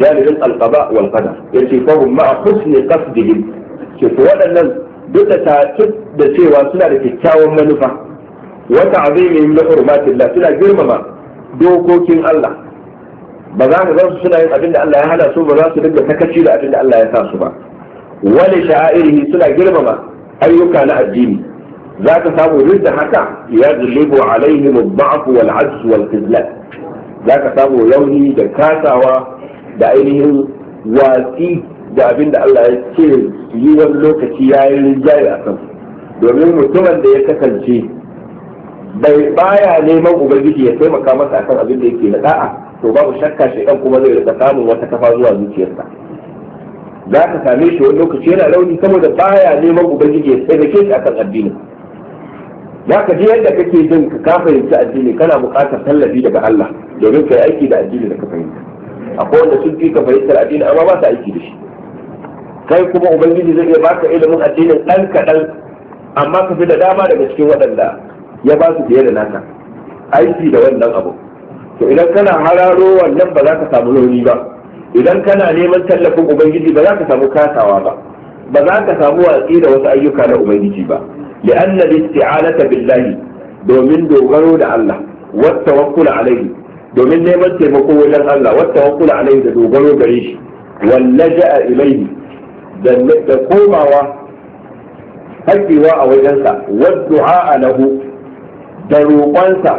jalibin alqaba wal qadar yace fa hum ma'a husni qasdihim ce to waɗannan duk da tatub da cewa suna da kyakkyawan manufa wa ta'zimihim li hurmatillah suna girmama dokokin Allah ba za ka gansu suna yin abin da Allah ya hana su ba za su dinga takaci da abin da Allah ya sa su ba wani sha'irihi suna girmama ayyuka na addini za ka samu duk da haka ya zulubu alaihi mudda'afu wal ajz wal khizlan za ka samu rauni da kasawa da ainihin watsi da abin da Allah ya ce yi wa lokaci ya yi rinjaye a kan domin mutumin da ya kasance bai baya neman ubangiji ya taimaka masa akan abin da yake na da'a to babu shakka shi dan kuma zai rika samun wata kafa zuwa zuciyarsa za ka same shi wani lokaci yana launi saboda baya neman ubangiji ya taimake shi akan addinin za ka ji yadda kake jin ka ka fahimci addini kana buƙatar tallafi daga Allah domin ka yi aiki da addini da ka fahimta akwai wanda sun fi ka fahimtar addini amma ba su aiki da shi kai kuma ubangiji zai iya baka ilimin addinin ɗan kaɗan amma ka fi da dama daga cikin waɗanda ya ba su fiye da naka aiki da wannan abu to idan kana hararo wannan ba za ka samu rauni ba idan kana neman tallafin ubangiji ba za ka samu katawa ba ba za ka samu watsi da wasu ayyuka na ubangiji ba لأن الاستعانة بالله دومين دوغرو دا الله والتوكل عليه دومين نيمان تيمكو وجن الله والتوكل عليه دا دوغرو غريش واللجأ إليه دا كوما و هكيوا أوجنسا والدعاء له دا روقانسا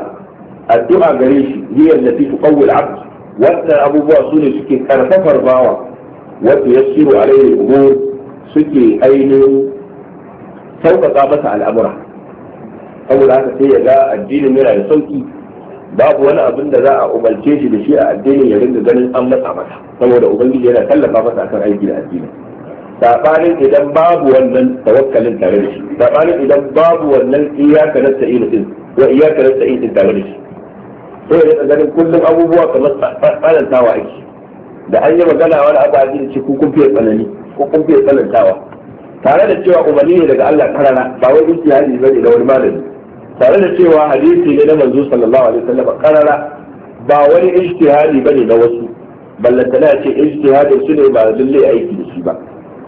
الدعاء غريش هي التي تقوي العبد وأن أبو بواسوني سكي كرففر باوا وتيسير عليه الأمور suke ainihin sauƙaƙa masa al'amura saboda haka sai ya ga addinin yana da sauƙi babu wani abin da za a umarce shi da shi a addinin ya ringa ganin an matsa masa saboda ubangiji yana tallafa masa akan aiki da addinin sabanin idan babu wannan tawakkalin tare da shi sabanin idan babu wannan iyaka nasta'in din wa iyaka nasta'in din tare da shi sai ya ganin kullum abubuwa kamar tsanantawa ake da an yi magana wani abu a cikin ku kun fiye tsanani ko kun fiye tsanantawa tare da cewa umarni ne daga Allah karana ba wai ijtihadi ne da wani malami tare da cewa hadisi ne na manzo sallallahu alaihi wasallam karara ba wani ijtihadi bane na wasu na ce ijtihadin su ne ba lalle aiki da shi ba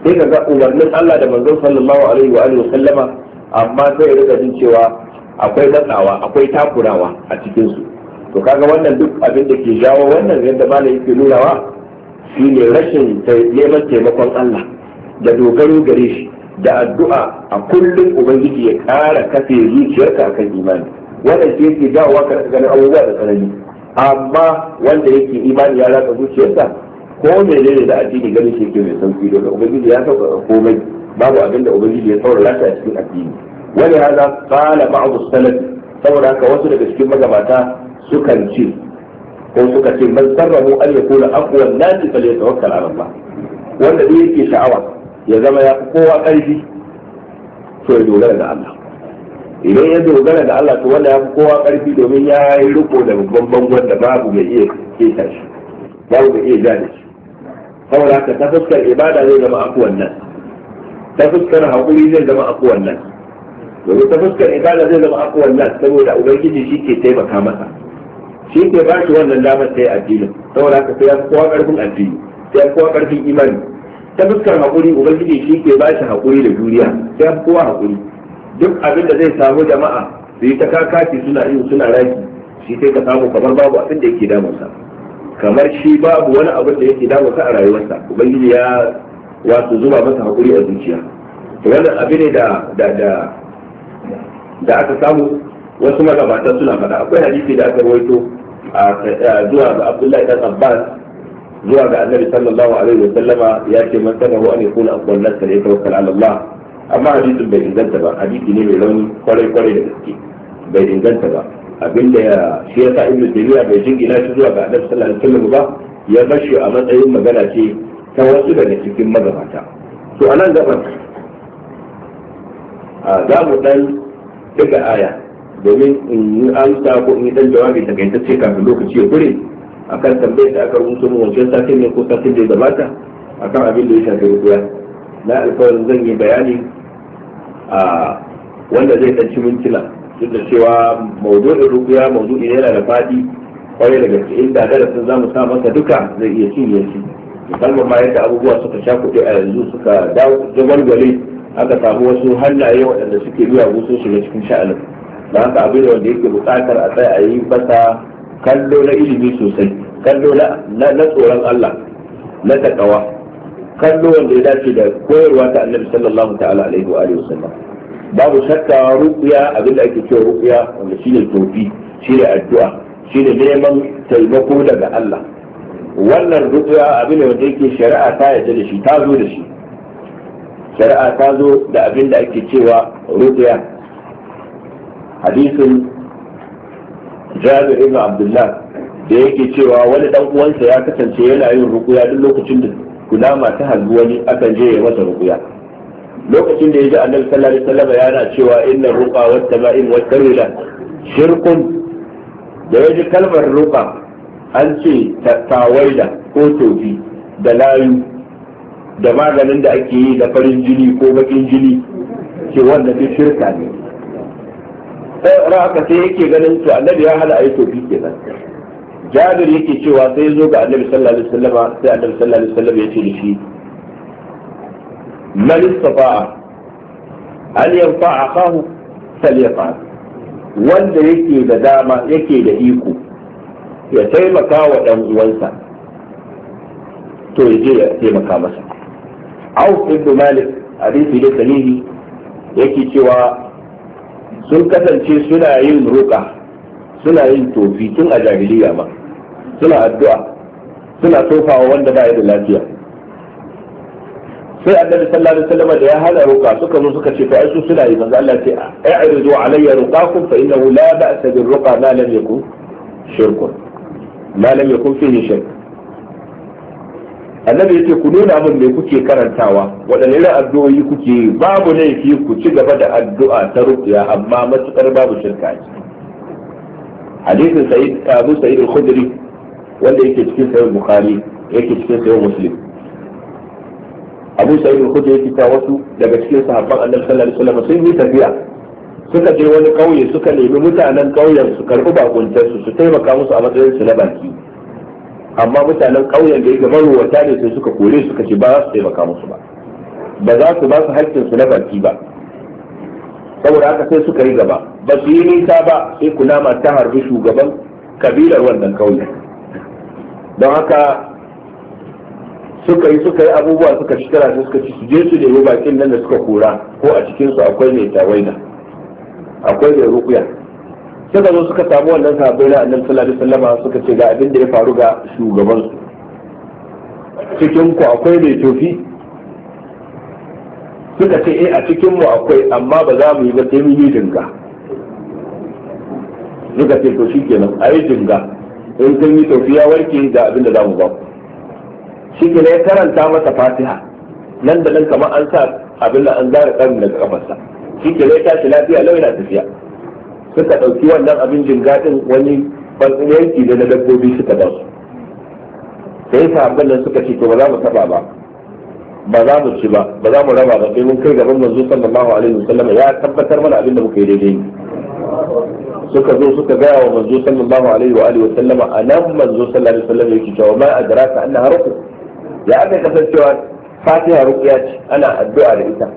sai ka ga umarnin Allah da manzo sallallahu alaihi wa alihi Sallama amma sai rika jin cewa akwai matsawa akwai takurawa a cikin su to kaga wannan duk abin da ke jawo wannan yadda malami yake nunawa shine rashin neman taimakon Allah da dogaro gare shi da addu'a a kullum ubangiji ya ƙara kafe zuciyarka akan imani wannan ke yake dawowa ka ganin abubuwa da tsanani amma wanda yake imani ya rasa zuciyarsa ko menene da addini ganin shi yake mai sauki don ubangiji ya sauka komai babu abin da ubangiji ya tsaurara shi a cikin addini wani hada qala ba'd salaf saboda haka wasu daga cikin magabata sukan ce ko suka ce man sarrahu an yakuna aqwa nati nas falyatawakkal ala Allah wanda yake sha'awa ya zama ya fi kowa ƙarfi to ya dogara da Allah idan ya dogara da Allah to wanda ya fi kowa ƙarfi domin ya yi riko da babban bangon da babu mai iya keta shi babu mai iya ja da shi saboda haka ta fuskar ibada zai zama akuwan nan ta fuskar haƙuri zai zama akuwan nan domin ta fuskar ibada zai zama akuwan nan saboda ubangiji shi ke taimaka masa shi ke ba shi wannan damar ta yi addinin saboda haka sai ya fi kowa ƙarfin addini sai ya fi kowa ƙarfin imani ta fuskar haƙuri ubangiji shi ke ba shi haƙuri da juriya ta kowa haƙuri duk abin da zai samu jama'a su yi ta kakaci suna yin suna raki shi sai ka samu kamar babu abin da yake damunsa kamar shi babu wani abin da yake damunsa a rayuwarsa ubangiji ya wato zuba masa haƙuri a zuciya wannan abin ne da da da da aka samu wasu magabatan suna faɗa akwai hadisi da aka rawaito zuwa ga Abdullahi dan Abbas zuwa ga annabi sallallahu alaihi wa sallama ya ce man sanahu an yakuna afdal nas ya tawakkal ala Allah amma hadisin bai inganta ba hadisi ne mai rauni kwarai kwarai da gaske bai inganta ba abinda ya shi yasa ibnu taymiya bai jingina shi zuwa ga annabi sallallahu alaihi wa sallam ba ya bashi a matsayin magana ce ta wasu daga cikin magabata to anan gaban za mu dan daga aya domin in ta ko in yi dan jawabi ce kafin lokaci ya gure akan tambayar da aka rubuta mu wajen satin ne ko satin da gabata akan abin da ya shafi rubuya na alkawarin zan yi bayani a wanda zai ɗanci mintuna duk da cewa maudu'in rubuya maudu'i yana da faɗi kwarai da gaske inda darasin za mu sa masa duka zai iya cinye shi musamman ma da abubuwa suka sha kuɗi a yanzu suka dawo gwale aka samu wasu hannaye waɗanda suke biya sun shiga cikin sha'anin da haka abin da wanda yake buƙatar a tsaye a yi basa kallo na ilimi sosai kallo na tsoron Allah na takawa kallo wanda ya dace da koyarwa ta annabi sallallahu ta'ala alaihi wa alihi wasallam babu shakka ruqya abin da ake cewa ruqya wanda shine tofi shine addu'a shine neman taimako daga Allah wannan ruqya abin da wanda yake shari'a ta yarda da shi ta zo da shi shari'a ta zo da abin da ake cewa ruqya hadisin jabir ibn abdullah da yake cewa wani dan uwansa ya kasance yana yin rukuya duk lokacin da gulama ta halbu wani akan je ya masa rukuya lokacin da ya ji annabi sallallahu alaihi wasallam yana cewa inna ruqa wa tama'im wa tarila shirkun da ya ji kalmar ruqa an ce tawaida ko tofi da layu da maganin da ake yi da farin jini ko bakin jini ke wanda duk shirka ne haka sai yake ganin to annabi ya hana ayi yi tofi kenan jabir yake cewa sai ya zo ga annabi sallallahu alaihi wasallam sai annabi sallallahu alaihi wasallam ya ce da shi man istafa'a an yanfa'a akahu falyafa'al wanda yake da dama yake da iko ya taimaka wa dan uwansa to ya je ya taimaka masa auf ibn malik hadisi da sahihi yake cewa sun kasance suna yin roƙa suna yin tofi tun a jahiliya ma suna addu'a suna tofawa wanda ba ya da lafiya sai annabi sallallahu alaihi wasallam da ya hana roƙa suka zo suka ce to ai su suna yi manzo Allah ce a'ridu alayya ruqakum fa innahu la ba'sa bir ruqa ma lam yakun shirkun ma lam yakun fihi shirk annabi yace ku nuna min me kuke karantawa waɗanne irin addu'o'i kuke babu laifi ku ci gaba da addu'a ta ruqya amma matukar babu shirka ce hadisin sa'id abu sa'id al-khudri wanda yake cikin sahih bukhari yake cikin sahih muslim abu sa'id al-khudri yake ta wasu daga cikin sahabban annabi sallallahu alaihi wasallam sun yi tafiya suka je wani kauye suka nemi mutanen kauyen su karbi bakuncin su su taimaka musu a matsayin su na baki amma mutanen ƙauyen da ya gama ruwata ne sai suka kore suka ce ba za su taimaka musu ba ba za su ba su haƙƙin su na baki ba saboda haka sai suka yi gaba ba su yi nisa ba sai nama ta harbi shugaban kabilar wannan ƙauyen don haka suka yi suka yi abubuwa suka ci tara suka ci su je su nemi bakin nan da suka kora ko a cikinsu akwai mai tawaina akwai mai rukuya suka zo suka samu wannan sahabbai na annabi sallallahu alaihi wasallam suka ce ga abin da ya faru ga shugaban su cikin ku akwai mai tofi suka ce eh a cikin mu akwai amma ba za mu yi ba sai mu yi dinga suka ce to shikenan a yi dinga in kun yi tofi ya warke ga abin da za mu ba ku shikenan ya karanta masa fatiha nan da nan kamar an sa abin da an zara karin daga kafarsa shikenan ya tashi lafiya lau yana tafiya suka ɗauki wannan abin jingadin wani yanki da na dabbobi suka ba su sai abin nan suka ce to ba za mu taɓa ba ba za mu ci ba ba za mu raba ba sai mun kai gaban manzo sallallahu alaihi wasallam ya tabbatar mana abin da muka yi daidai suka zo suka gaya wa manzo sallallahu alaihi wa alihi wasallama anan manzo sallallahu alaihi wasallam yake cewa ma adraka annaha ruku ya aka kasancewa fatiha ruqiya ce ana addu'a da ita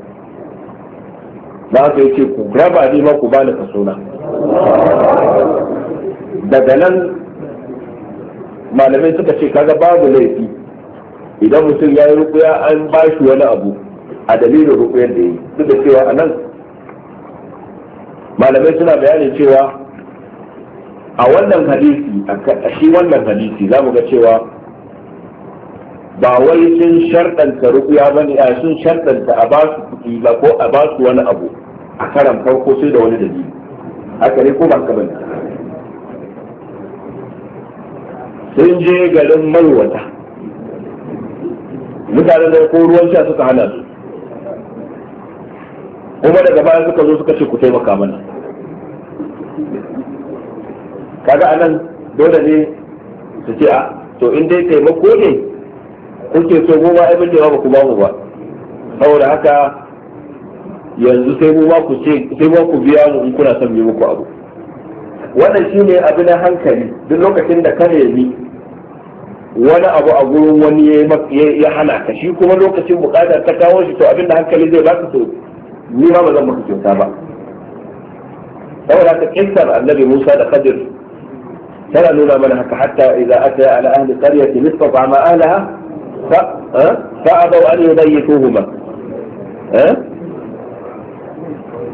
ba ka yace ku raba ni ma ku bani kasona daga nan malamai suka ce kaga babu laifi idan mutum ya yi rukuya an ba shi wani abu a dalilin rukuyar da yi duk da cewa a nan malamai suna bayanin cewa a wannan hadisi a shi wannan hadisi za mu ga cewa ba wai sun shardanta rukuya ba ne a sun shardanta a ba su kuɗi ba ko a ba su wani abu a karan farko sai da wani dalili haka ne ko ba haka bane sun je garin malwata mutanen da ko ruwan sha suka hana su kuma daga baya suka zo suka ce ku taimaka mana kaga anan dole ne su ce a to in dai taimako ne kuke so mu ba ai mun ba ku ba mu ba saboda haka yanzu sai mu ku ce sai mu ku biya mu in kuna son mu muku abu wannan shine abin hankali duk lokacin da ka nemi wani abu a gurin wani ya hana ka shi kuma lokacin bukatar ta kawo shi to abin da hankali zai baka to ni ma ba zan maka kyauta ba saboda ka kissar annabi Musa da Khadir tana nuna mana haka hatta aka yi ala ahli qaryati mistata ma ahliha fa eh, fa abaw an yudayyifuhuma eh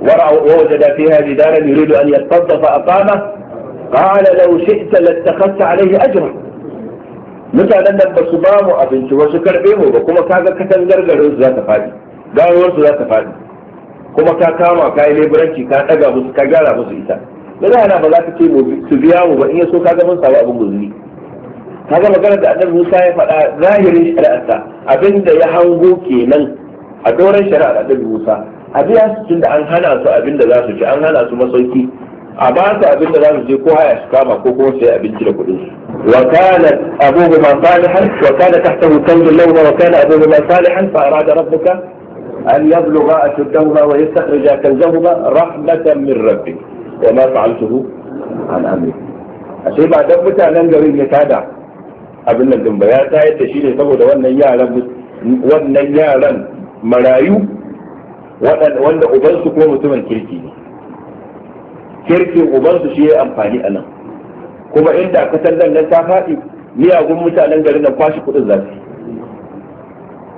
ووجد فيها جدارا يريد أن يتفض فأقامه قال لو شئت لاتخذت عليه أجرا mutanen nan ba su ba mu abinci ba su karbe mu ba kuma kaga katan garin su za ta fadi gawar su za ta fadi kuma ka kama ka yi leburanci ka daga musu ka gyara musu ita da za ba za ka ce su biya mu ba in yaso kaga mun samu abin guzuri kaga magana da annabi Musa ya faɗa zahirin shari'arsa abinda ya hango kenan a doran shari'ar annabi Musa a biya su tunda an hana su abin da za su ci an hana su masauki a ba su abin da za su je ko haya su kama ko kuma sai abinci da kuɗin su wa kana abuhuma salihan wa kana tahtahu kanzun lahuma wa kana abuhuma salihan fa arada rabbuka an yablugha ashuddahuma wa yastakhrija kanzahuma rahmatan min rabbik wa ma fa'altuhu an amri ashe ba dan mutanen garin ya tada abin nan din ba ya tayar da shi ne saboda wannan yaran wannan yaran marayu wanda ubansu ko mutumin kirki ne kirkin ubansu shi ya amfani a nan kuma inda katangar nan ta faɗi miyagun mutanen garin nan kwashi kuɗin za su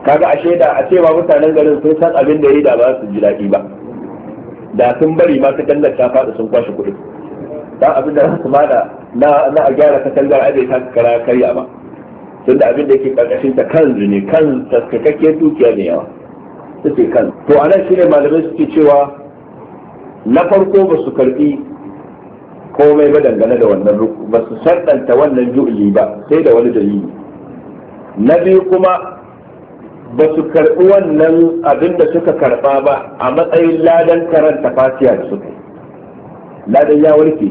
kaga a shaida a cewa mutanen garin sun san abin da ya yi da ba su ji daɗi ba da sun bari ma katangar ta faɗi sun kwashi kuɗin dan abin da su bada na na a gyara katangar abe ta kara karya ba tunda abin da yake karkashin ta kan ne kan taskakakkiyar dukiya ne yawa suke kan to a nan ne malamai suke cewa na farko ba su karbi komai ba dangane da wannan ruku ba su sardanta wannan ju'uli ba sai da wani dalili na biyu kuma ba su karbi wannan abin da suka karba ba a matsayin ladan karanta fasiya da suka yi ladan ya warke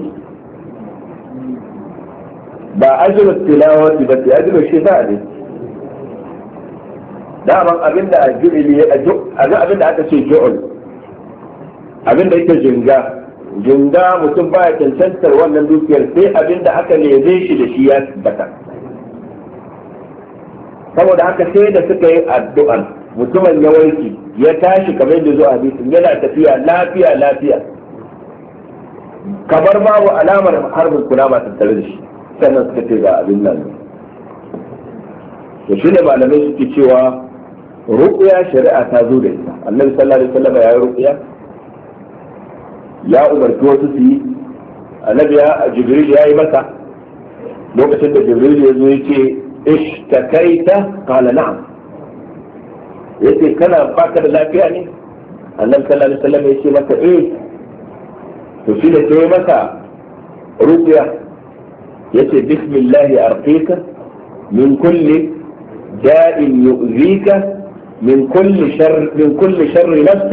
ba ajiyar tilawar ba ta ajiyar shi za a dace daman abinda a ju'ili abinda aka ce ju'ul abinda yake jinga jinga mutum baya cancantar wannan dukiyar sai abinda aka neme shi da shi ya tabbata saboda haka sai da suka yi addu'an mutumin ya ya tashi kamar yadda zuwa hadisin yana tafiya lafiya lafiya kamar babu alamar harbin kula ba tattare da shi sannan suka ce ga abin nan to shi ne malamai suke cewa ruqya shari'a ta zo da ita annabi sallallahu alaihi wasallam ya yi ruqya ya umarci wasu su yi annabi ya jibril ya yi masa lokacin da jibril ya zo ya ce ishtakaita qala na'am yace kana baka da lafiya ne annabi sallallahu alaihi wasallam ya ce masa eh to shi da ce masa ruqya yace bismillah arqika min kulli da'in yu'zika من كل شر من كل شر نفس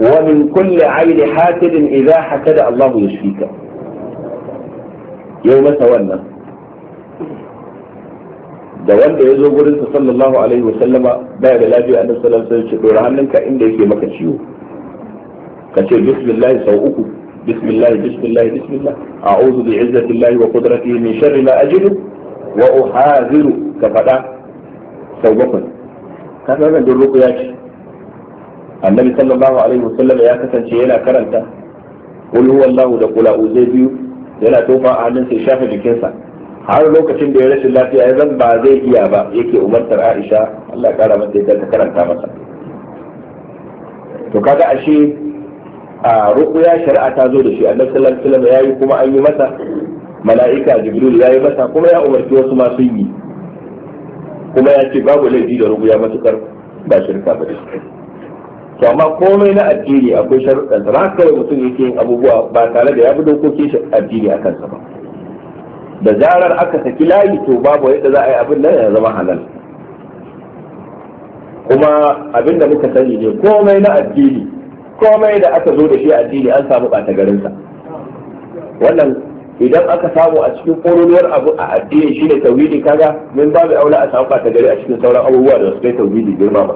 ومن كل عين حاسد إذا حسد الله يشفيك يوم تولى da wanda ya zo gurin sa sallallahu alaihi wa sallama baya da lafiya annabi sallallahu alaihi wa sallam dora hannunka inda yake maka ciwo ka ce bismillah sau uku bismillah bismillah bismillah a'udhu bi izzatillahi wa qudratihi min sharri ma ajidu wa uhadhiru ka fada sau bakwai ka san wannan ruku ya ce annabi sallallahu alaihi wasallam ya kasance yana karanta kullu wallahu da kula uzai biyu yana tofa a hannunsa ya shafe jikinsa har lokacin da ya rashin lafiya ya zan ba zai iya ba yake umartar Aisha Allah kara masa yadda karanta masa to kaga ashe a ruqya shari'a ta zo da shi annabi sallallahu alaihi wasallam yayi kuma an yi masa mala'ika jibril yayi masa kuma ya umarci wasu ma sun yi kuma ya ce babu laifi da rubuya matukar ba shirka ba to amma komai na addini akwai sharuɗan sa haka kawai mutum yake yin abubuwa ba tare da ya bi dokokin addini a kansa ba da zarar aka saki layi to babu yadda za a yi abin nan ya zama halal kuma abin da muka sani ne komai na addini komai da aka zo da shi addini an samu ɓata garinsa wannan idan aka samu a cikin kololuwar abu a addini ne tauhidi kaga min babu aula a samu ta gari a cikin sauran abubuwa da su kai tauhidi girma ba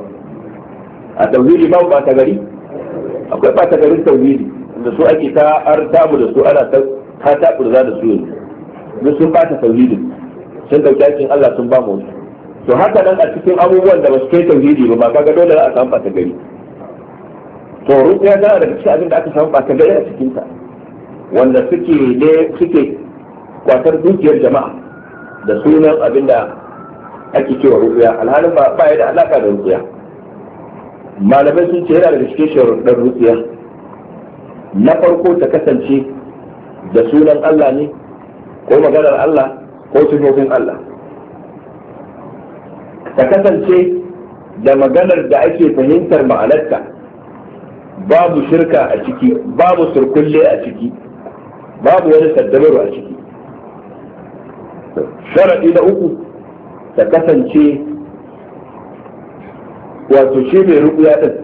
a tauhidi babu ba ta gari akwai ba ta garin tauhidi da su ake ta artabu tabu da su ana ta ta kurza da su yanzu duk sun bata tauhidi sun dauki aikin Allah sun ba mu to haka nan a cikin abubuwan da ba su kai tauhidi ba ba kaga dole za a samu ba ta gari to ruqiya tana daga cikin abin da aka samu ba ta gari a cikin ta wanda suke ne suke kwatar dukiyar jama'a da sunan abin da ake cewa rukiya alhalin ba ya da alaka da rukiya malamai sun ce yana da cikin sharuɗar rukiya na farko ta kasance da sunan Allah ne ko maganar Allah ko sunan Allah ta kasance da maganar da ake fahimtar ma'anarta babu shirka a ciki babu surkulle a ciki babu wani saddabaru a ciki sharaɗi na uku ta kasance wato shi mai rukuya ɗin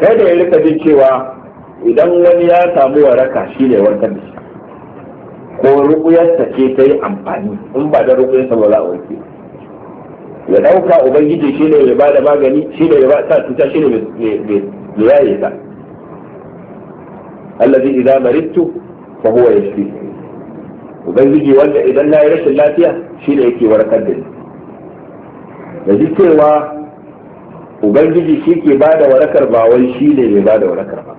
kai da ya rika jin cewa idan wani ya samu waraka shi ne warkar da shi ko rukuyarsa ce ta yi amfani in ba da rukuyarsa ba za a warke ya ɗauka ubangiji shi ne mai ba da magani shi ne mai ba sa cuta shi ne mai yaye ta allazi idan marittu fa huwa yashfi ubangiji wanda idan na yi rashin lafiya shi ne yake warkar da ni da ji cewa ubangiji shi ke ba da warakar ba wai shi ne mai ba da warakar ba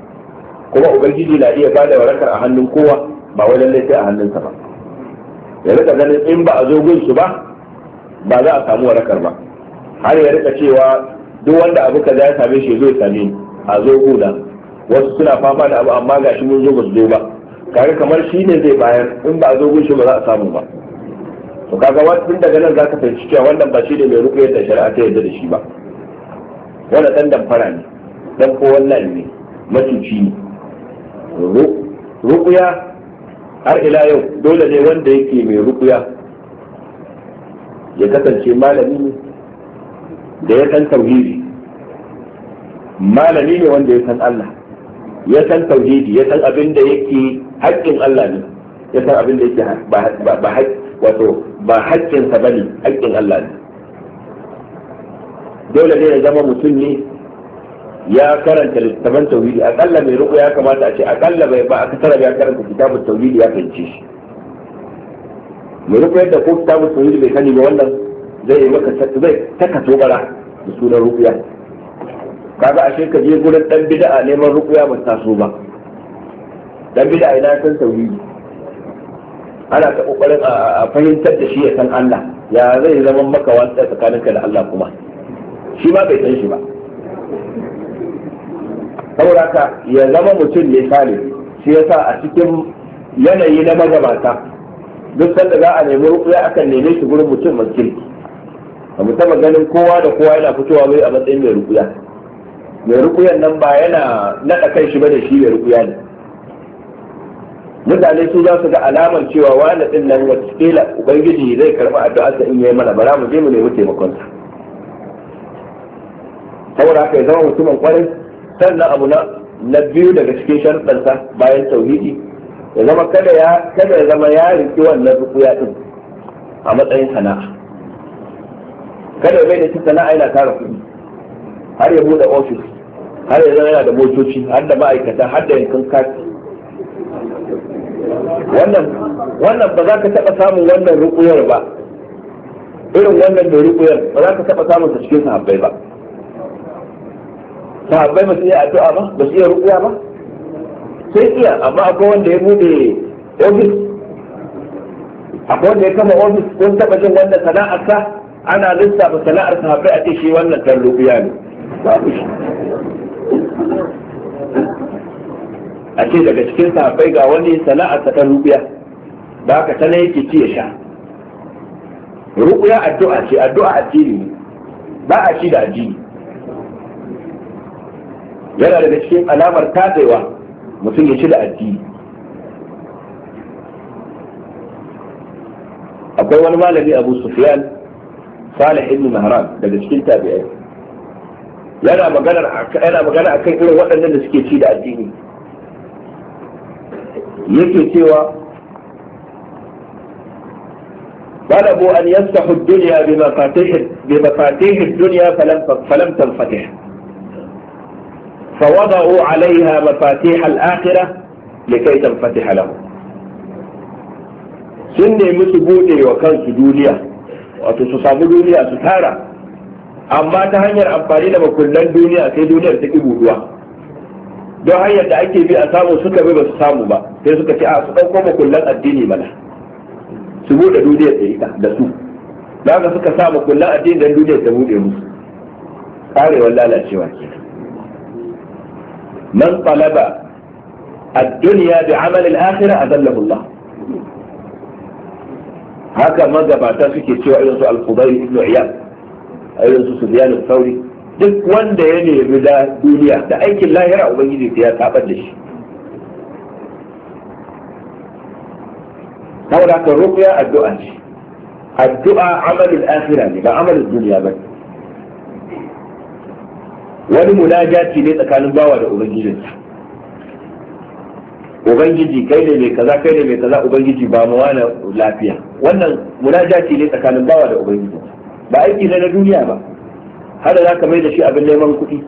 kuma ubangiji na iya ba da warakar a hannun kowa ba wai lallai sai a hannunsa ba ya rika ganin in ba a zo su ba ba za a samu warakar ba har ya rika cewa duk wanda abu kaza ya same shi zai same a zo gona wasu suna fama da abu amma gashi mun zo ba su zo ba Kare kamar shi ne zai bayar in ba a zo gunshi ba za a samu ba to kaga tun daga nan zaka fahimci cewa wannan ba shi ne mai rukuyar da shari'a ta yadda da shi ba wannan dan damfara ne dan ko wannan ne matuci ne rukuya har ila yau dole ne wanda yake mai rukuya ya kasance malami ne da ya san tauhidi malami ne wanda ya san Allah ya san tauhidi ya san abin da yake haƙƙin Allah ne ya san abin da yake ba wato ba haƙƙin sa bane haƙƙin Allah ne dole ne ya zama mutum ne ya karanta littafin tauhidi akalla mai ruku ya kamata a ce akalla bai ba a kasar ya karanta kitabun tauhidi ya fahimci shi mai ruku yadda ko kitabun tauhidi bai sani ba wannan zai maka zai taka tobara da sunan rukuya kaga ashe ka je gurin dan bid'a neman rukuya ba so ba dan bid'a ina san tauhidi ana ta kokarin a fahimtar da shi ya san Allah ya zai zama maka wanda tsakaninka da Allah kuma shi ba bai san shi ba saboda ka ya zama mutum ne salihi shi yasa a cikin yanayi na magabata duk sanda za a nemi rukuya akan neme shi gurin mutum mai kirki a musamman ganin kowa da kowa yana fitowa mai a matsayin mai rukuya mai rukuyan nan ba yana naɗa kai shi ba da shi mai rukuya ne mutane su za su ga alamar cewa wani ɗin nan watakila ubangiji zai karɓi addu'arsa in yayi mana bara mu je mu nemi taimakon saboda haka ya zama mutumin kwarai sannan abu na biyu daga cikin sharɗansa bayan tauhidi ya zama kada ya kada ya zama ya riki wannan rukuya din a matsayin sana'a kada bai da sana'a yana tara kuɗi har ya buɗe ofis har yanzu yana da motoci har da ma'aikata har da yankin kati wannan wannan ba za ka taɓa samun wannan rukuyar ba irin wannan mai rukuyar ba za ka taɓa samun sa cikin sahabbai ba sahabbai ba su iya addu'a ba ba su iya rukuya ba sai iya amma akwai wanda ya bude ofis akwai wanda ya kama ofis kun taɓa jin wanda sana'arsa ana lissafa sana'ar sahabbai a ce shi wannan kan rukuya ne a ce daga cikin safai ga wani sana'a ta rubiya da ka ta yake ci ya sha rubiya addu'a ce addu'a addini ne ba a ci da addini yana daga cikin alamar tatsewa mutum ya ci da addini akwai wani malami abu sufiyan salih ibn mahran daga cikin tabi'ai yana magana akan yana magana akan irin waɗannan da suke ci da addini yake cewa طلبوا أن يفتحوا الدنيا بمفاتيح بمفاتيح الدنيا فلم فلم تنفتح فوضعوا عليها مفاتيح الآخرة لكي تنفتح لهم سنة مسبوطة وكان في دنيا وتصاب دنيا ستارة amma ta hanyar amfani da makullan duniya sai duniyar ta ki buduwa don hanyar da ake bi a samu suka bi ba su samu ba sai suka ce a su ɗauko makullan addini mana su buɗe duniyar da ita da su da haka suka sa makullan addini don duniyar ta buɗe musu karewar lalacewa kenan man talaba الدنيا بعمل الآخرة haka الله هكا ماذا بعتها فيك سوى الفضيل بن عياض a irin su Sufyan al-Thawri duk wanda ya nemi da duniya da aikin lahira ubangiji sai ya tabar da shi saboda haka ruqya addu'a ce addu'a amalul akhirah ne ba amalul duniya ba wani munajati ne tsakanin bawa da ubangijinsa ubangiji kai ne mai kaza kai ne mai kaza ubangiji ba mu wani lafiya wannan munajati ne tsakanin bawa da ubangiji ba aiki ne na duniya ba har da ka mai da shi abin neman kuɗi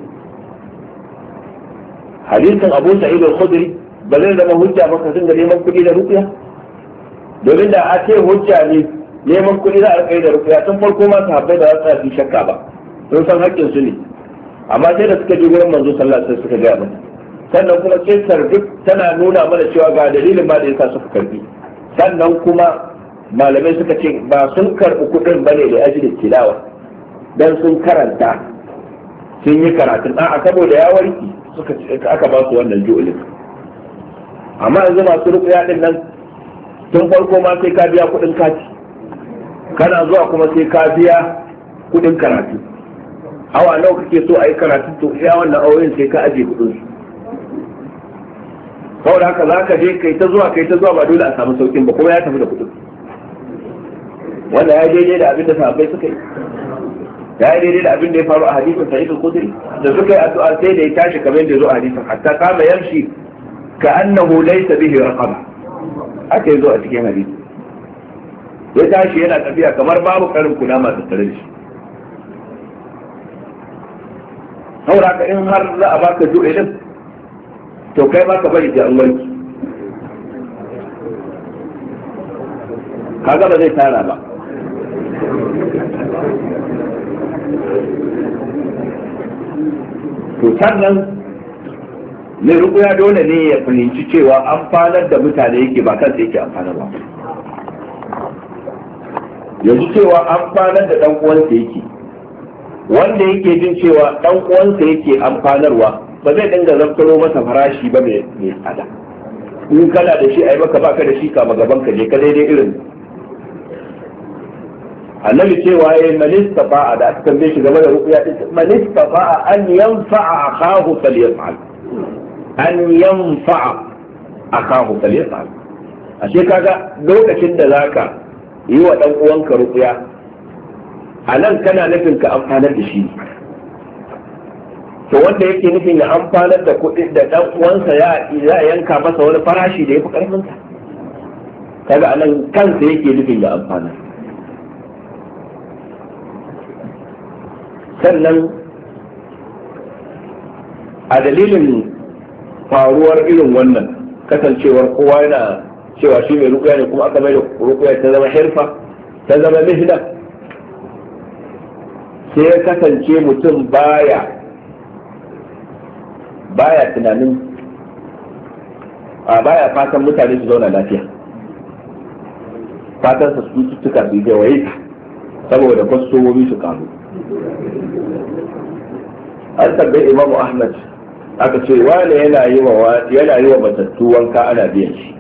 hadisin Abu Sa'id al-Khudri ba zai zama hujja ba ka dinga neman kuɗi da rukiya domin da a ce hujja ne neman kuɗi za a da rukiya tun farko ma sahabbai da za su yi shakka ba sun san haƙƙin su ne amma sai da suka je wurin manzo sallallahu alaihi wasallam suka gaya mana sannan kuma kisar duk tana nuna mana cewa ga dalilin ma da yasa suka karbi sannan kuma malamai suka ce ba sun karɓi kuɗin ba ne da ajiyar tilawa don sun karanta sun yi karatun a saboda ya warki suka aka ba su wannan jolin. amma yanzu masu rukuya din nan tun farko ma sai ka biya kuɗin kati kana zuwa kuma sai ka biya kuɗin karatu awa nawa kake so a yi karatu to iya wannan auren sai ka ajiye kuɗin su saboda haka za ka je kai ta zuwa kai ta zuwa ba dole a samu saukin ba kuma ya tafi da kuɗin wanda ya daidai da abin da sahabbai suka yi ya yi daidai da abin da ya faru a hadisin sahih al-khudri da suka yi addu'a sai da ya tashi kamar yadda zo a hadisin hatta kama yamshi ka annahu laysa bihi raqaba aka zo a cikin hadisi ya tashi yana tafiya kamar babu karin kula masu tare da shi saboda ka in har za a baka ju'e din to kai ma ka bari da Allah kaga ba zai tara ba to sannan mai rukuya dole ne ya fahimci cewa amfanar da mutane yake ba kansa yake amfana ba yanzu cewa amfanar da dan uwansa yake wanda yake jin cewa dan uwansa yake amfanarwa ba zai dinga zaftaro masa farashi ba mai tsada in kana da shi yi maka baka da shi kama gaban ka je ka daidai irin annabi cewa ya eh, yi malista fa'a da aka tambaye shi game da rukuya malista fa'a an a kahu akahu falyaf'al an a yanfa'a akahu a shi kaga lokacin da zaka yi wa ɗan uwanka rukuya a nan kana nufin ka amfanar da shi to wanda yake nufin ya amfanar da kuɗi da ɗan uwansa ya a yanka masa wani farashi da ya fi ƙarfinsa? kaga a nan kansa yake nufin ya amfanar sannan a dalilin faruwar irin wannan kasancewar kowa yana cewa shi mai rukuya ne kuma aka mai da rukuya ta zama hirfa ta zama mihna sai ya kasance mutum baya baya tunanin a baya fatan mutane su zauna lafiya fatan su cututtuka su yi gawaye saboda kwastomomi su karu an tabbe imamu ahmad aka ce wane yana yi wa yana yi wa matattu wanka ana biyan shi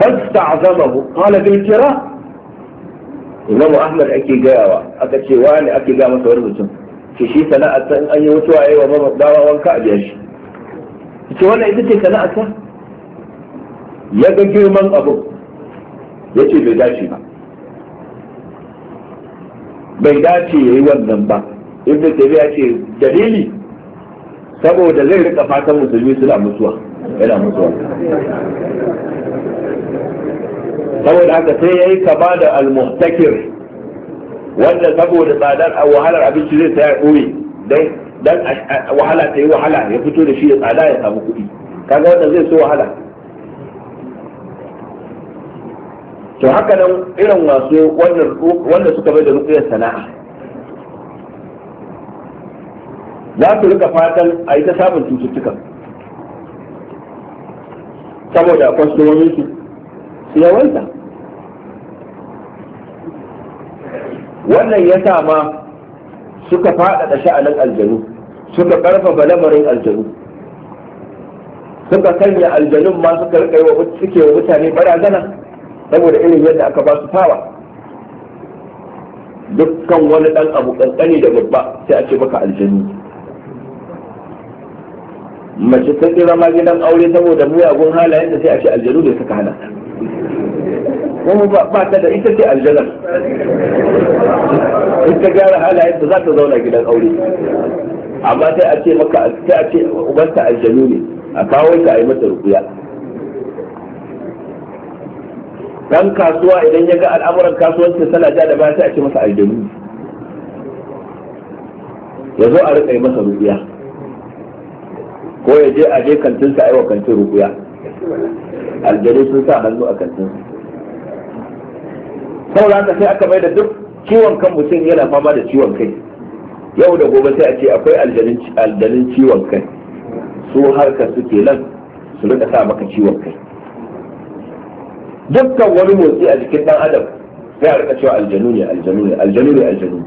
fasta'zamahu qala bil kira imamu ahmad ake gayawa aka ce wane ake ga masa wani mutum ce shi sana'ar an yi mutuwa yayi wa bawa wanka a biyan shi ce wannan ita ce sana'ar ya ga girman abu yace bai dace ba bai dace ya yi wannan ba ibnu taymiya ce dalili saboda zai rika fatan musulmi suna mutuwa yana mutuwa saboda haka sai yayi kama da almuhtakir wanda saboda tsadar a wahalar abinci zai saya ɓoye dan wahala ta yi wahala ya fito da shi ya tsada ya samu kuɗi kaga wanda zai so wahala to haka nan irin wasu wanda suka bai da rukuyar sana'a za su rika fatan a yi ta samun cututtukan saboda akwai su su yawanta wannan ya sa ma suka faɗaɗa sha'anin aljanu suka ƙarfafa lamarin aljanu suka sanya aljanun ma suka rika yi wa suke wa mutane barazana saboda irin yadda aka ba su fawa dukkan wani dan abu kankani da babba sai a ce maka aljanu mace ta tsira ma gidan aure saboda miyagun halayen da sai a ce aljanu da suka hana kuma ba ta da ita ce aljanar in gyara halayen da za ta zauna gidan aure amma sai a ce maka sai a ce ubanta aljanu ne a kawo ta a yi mata rukuya dan kasuwa idan ya ga al'amuran kasuwancin sana ja da ba sai a ce masa aljanu ya zo a rika yi masa rubiya ko ya je a je kantin sa aiwa kantin rubiya aljanu sun sa hannu a kantin saboda haka sai aka mai da duk ciwon kan mutum yana fama da ciwon kai yau da gobe sai a ce akwai aljanin ciwon kai su harka suke nan su rika sa maka ciwon kai dukkan wani motsi a jikin dan adam sai a rika cewa aljanu ne aljanu ne aljanu ne aljanu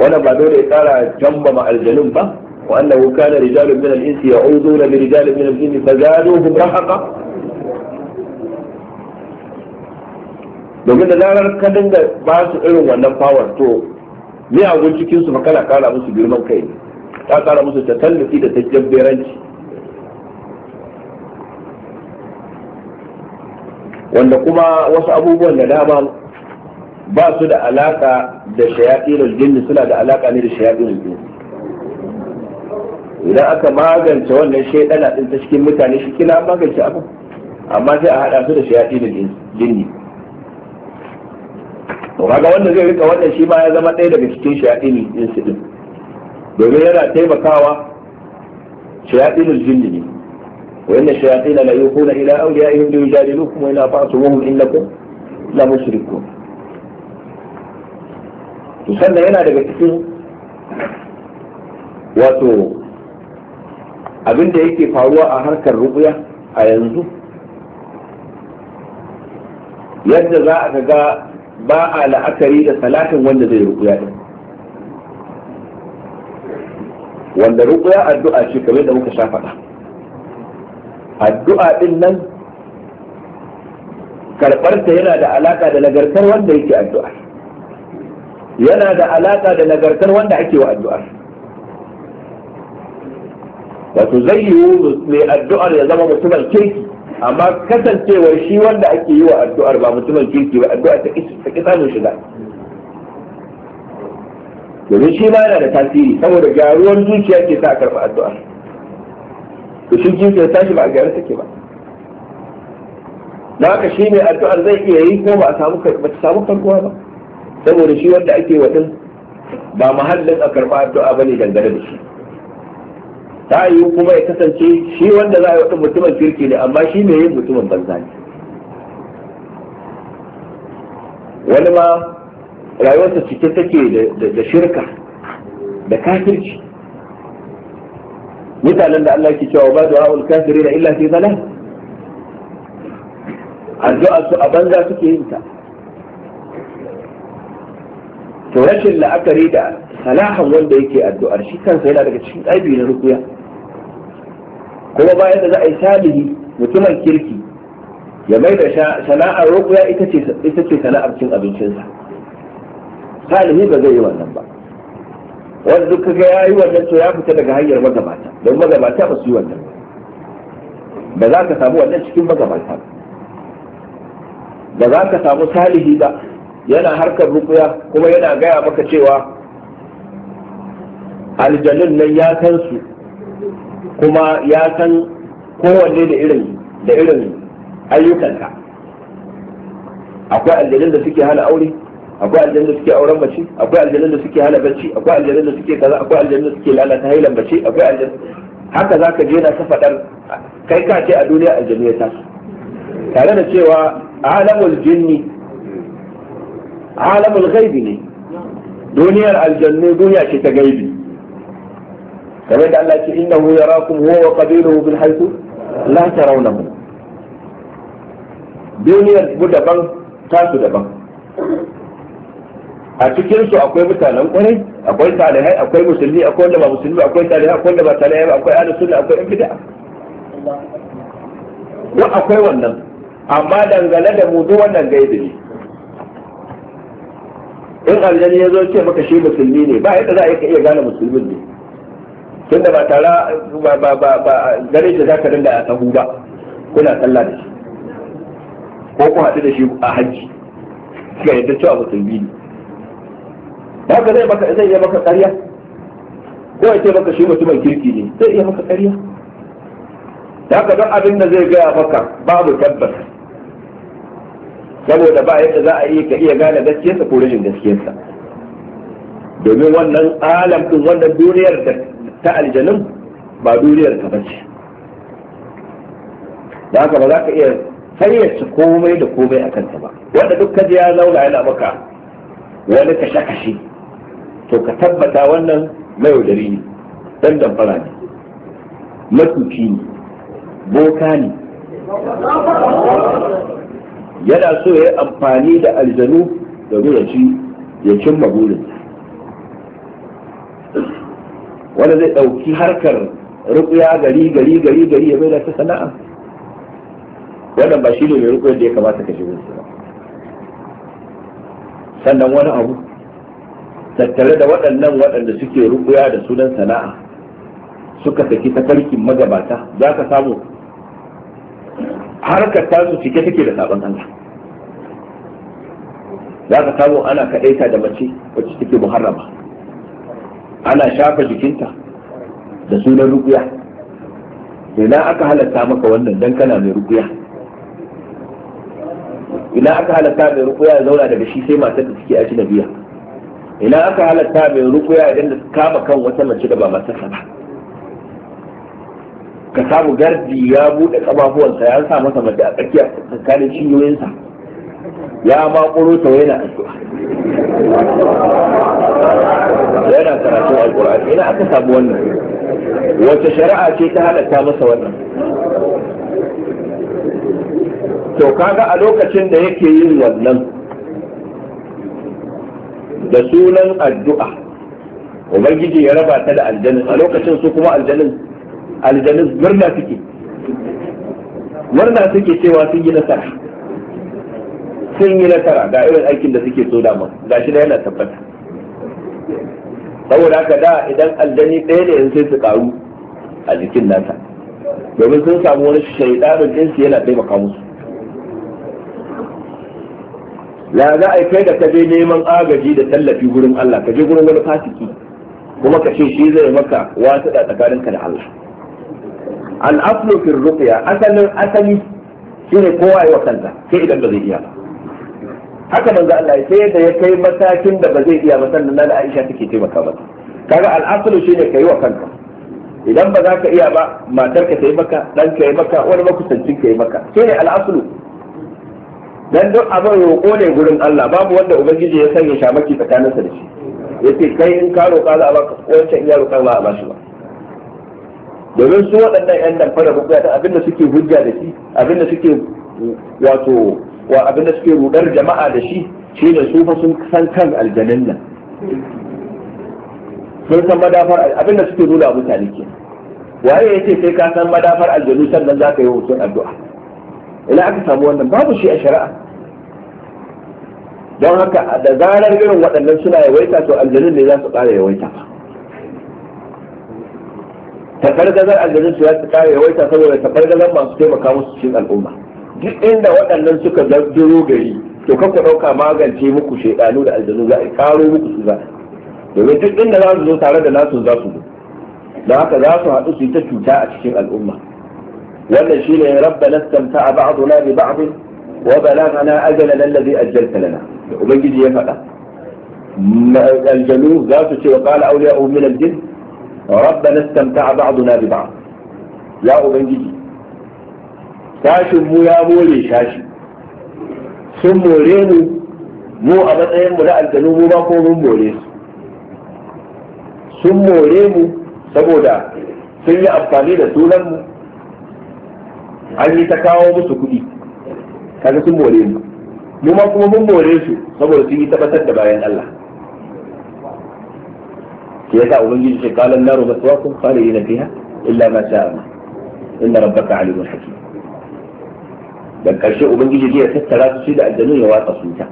wannan ba dole ya kara jambama aljanun ba wa annahu kana rijalun min al-insi ya'uduna bi rijalin min al-jinni fazaduhum rahaqa domin da zarar ka dinga ba su irin wannan power to miyagun cikin su kana kara musu girman kai ta kara musu tallafi da jabberanci. wanda kuma wasu abubuwan da dama ba su da alaka da shayatinul jinni suna da alaka ne da shayatinul jinni idan aka magance wannan shaidana din ta cikin mutane shi kila magance abu amma sai a hada su da shayatinul jinni to kaga wanda zai rika wannan shi ma ya zama ɗaya daga cikin shayatinul jinni din domin yana taimakawa shayatinul jinni ne وإن الشياطين لا يوحون إلى أوليائهم ليجادلوكم وإن أطعتموهم إنكم لمشركون sannan yana daga cikin wato abin da yake faruwa a harkar rubuya a yanzu yadda za a ga ba a la'akari da salatin wanda zai rubuya din wanda rubuya addu'a ce kamar da muka sha faɗa addu'a din nan karɓarta yana da alaƙa da nagartar wanda yake addu'a yana da alaƙa da nagartar wanda ake wa addu'ar wato zai yiwu mai addu'ar ya zama mutumin kirki amma kasancewar shi wanda ake yi wa addu'ar ba mutumin kirki ba addu'ar ta ƙi samun shiga domin shi ma yana da tasiri saboda gyaruwar zuciya ke sa a karɓi addu'ar to shi ya tashi ba a gyara take ba da haka shi ne addu'ar zai iya yi ko ba a samu ba ba saboda shi wanda ake wa ba mahallin a karba addu'a ba ne dangane da shi ta yiwu kuma ya kasance shi wanda za a yi wa mutumin kirki ne amma shi mai yin mutumin banza ne wani ma rayuwarsa cike take da shirka da kafirci mutanen da Allah ke cewa ba da wa'ul kafirina illa fi zalal addu'a su a banza suke yin ta to rashin la'akari da salahan wanda yake addu'ar shi kansa yana daga cikin aibi na rukuya kuma bayan da za a yi salihi mutumin kirki ya mai da sana'ar rukuya ita ce sana'ar cin abincinsa salihi ba zai yi wannan ba wanda duk ga ya yi wannan to ya fita daga hanyar magabata don magabata ba su yi wannan ba za ka samu wannan cikin magabata ba za ka samu salihi ba yana harkar rukuya kuma yana gaya maka cewa aljanun nan ya san su kuma ya san kowanne da irin da irin ayyukanka akwai aljanun da suke hana aure akwai aljanna suke auren mace akwai aljanna da suke hala bacci akwai aljanna da suke kaza akwai aljanna da suke lalata hailan mace akwai aljanna haka zaka je na ta fadar kai ka ce a duniya aljanna ta tare da cewa alamul jinni alamul ghaibi ne duniyar aljanna duniya ce ta gaibi kamar da Allah ce innahu yarakum huwa wa qabiluhu bil haythu la tarawnahu duniyar bu daban tasu daban a cikin su akwai mutanen kwarai akwai talihai akwai musulmi akwai wanda ba musulmi akwai talihai akwai wanda ba talihai akwai ahlus sunna akwai yan bid'a wa akwai wannan amma dangane da mu duk wannan gaibi ne in aljani ya zo ce maka shi musulmi ne ba yadda za a iya gane musulmin ne tunda ba tara ba ba ba ba gare shi ka dinga a tahu ba kuna sallah da shi ko ku haɗu da shi a hajji ga yadda cewa musulmi ne haka zai maka zai iya maka ƙarya ko ya ce maka shi mutumin kirki ne zai iya maka ƙarya haka don abin da zai gaya maka babu tabbas saboda ba yadda za a yi ka iya gane gaskiyarsa ko rashin gaskiyarsa domin wannan alam din wannan duniyar ta aljanun ba duniyar ka bace da haka ba za ka iya fayyace komai da komai a kanta ba wanda duk kaji ya zauna yana maka wani kashe-kashe to ka tabbata wannan mayaudari ne dan damfara ne matuki ne boka ne yana so ya yi amfani da aljanu da ci ya cin burin wanda zai ɗauki harkar rukuya gari gari gari gari ya maida ta sana'a wannan ba shi ne mai rukuyar da ya kamata ka ba. sannan wani abu tattare da waɗannan waɗanda suke rubuya da sunan sana'a suka saki tafarkin magabata za ka samu harkar tasu cike take da sabon Allah za ka samu ana kaɗaita da mace wacce take muharrama ana shafa jikinta da sunan rukuya ina aka halatta maka wannan dan kana mai rukuya ina aka halatta mai rukuya ya zauna daga shi sai matar da suke aji na biya ina aka halatta mai rukuya idan da kama kan wata mace da ba masu ba ka samu gardi ya buɗe ƙafafuwansa ya sa masa mace a tsakiya tsakanin cinyoyinsa ya ma kuro ta yana addu'a yana karatun alƙur'ani ina aka samu wannan wace shari'a ce ta halatta masa wannan to kaga a lokacin da yake yin wannan da sunan addu'a ubangiji ya raba ta da aljanin a lokacin su kuma aljanin aljanin murna suke murna suke cewa sun yi nasara sun yi nasara ga irin aikin da suke so dama ga shi da yana tabbata saboda haka da idan aljani ɗaya ne yanzu sai su karu a jikin nasa domin sun samu wani shaidanin ɗinsu yana taimaka musu ya za a kai da ka je neman agaji da tallafi gurin Allah ka je gurin wani fasiki kuma ka ce shi zai maka wasu da tsakaninka da Allah al'aflu fil ruqya asalin asali shine kowa ya kanta sai idan ba zai iya ba haka manzo Allah sai da ya kai matakin da ba zai iya ba sannan da Aisha take taimaka masa kaga al'aslu shine kai wa kanka idan ba za ka iya ba matar ka yi maka dan ka yi maka wani makusancin ka yi maka shine al'aslu dan duk abin roƙo ne gurin Allah babu wanda ubangiji ya sanya shamaki sa da shi yace kai in ka roƙa za a baka wancan iya roƙa ba a ba shi ba domin su waɗannan ƴan dan fara bukuya da abinda suke hujja da shi abinda suke wato wa abinda suke rudar jama'a da shi shi da su fa sun san kan aljannan nan sun san madafar abinda suke nuna mutane ke waye yace sai ka san madafar aljannu sannan za ka yi hutun addu'a ina aka samu wannan babu shi a shari'a don haka da zarar irin waɗannan suna yawaita to aljanun ne za su ƙara yawaita tafargazar aljanun su ya su ƙara yawaita saboda tafargazar masu taimaka musu cikin al'umma duk inda waɗannan suka zaro gari to kanku ɗauka magance muku shaidanu da aljanu za a ƙaro muku su za domin duk inda za su zo tare da nasu za su zo don haka za su haɗu su yi ta cuta a cikin al'umma wannan shine a istamta'a ba'duna bi ba'd wa na balaghana ajalana alladhi ajjalta lana ubangiji ya faɗa aljanu za su ce wa qala awliya'u min al-jinn rabbana istamta'a ba'duna bi ba'd ya ubangiji tashin mu ya more shashi sun more mu mu a matsayin mu na aljanu mu ba ko mun more su sun more mu saboda sun yi amfani da sunan mu an yi ta kawo musu kuɗi kaga sun more mu mu ma kuma mun more su saboda sun yi tabbatar da bayan Allah ke yasa ubangiji ce qala an-naru maswaakum khalidina fiha illa ma sha'a Allah inna rabbaka alimun hakim da karshe ubangiji ya tattara su da aljanu ya watsa su ta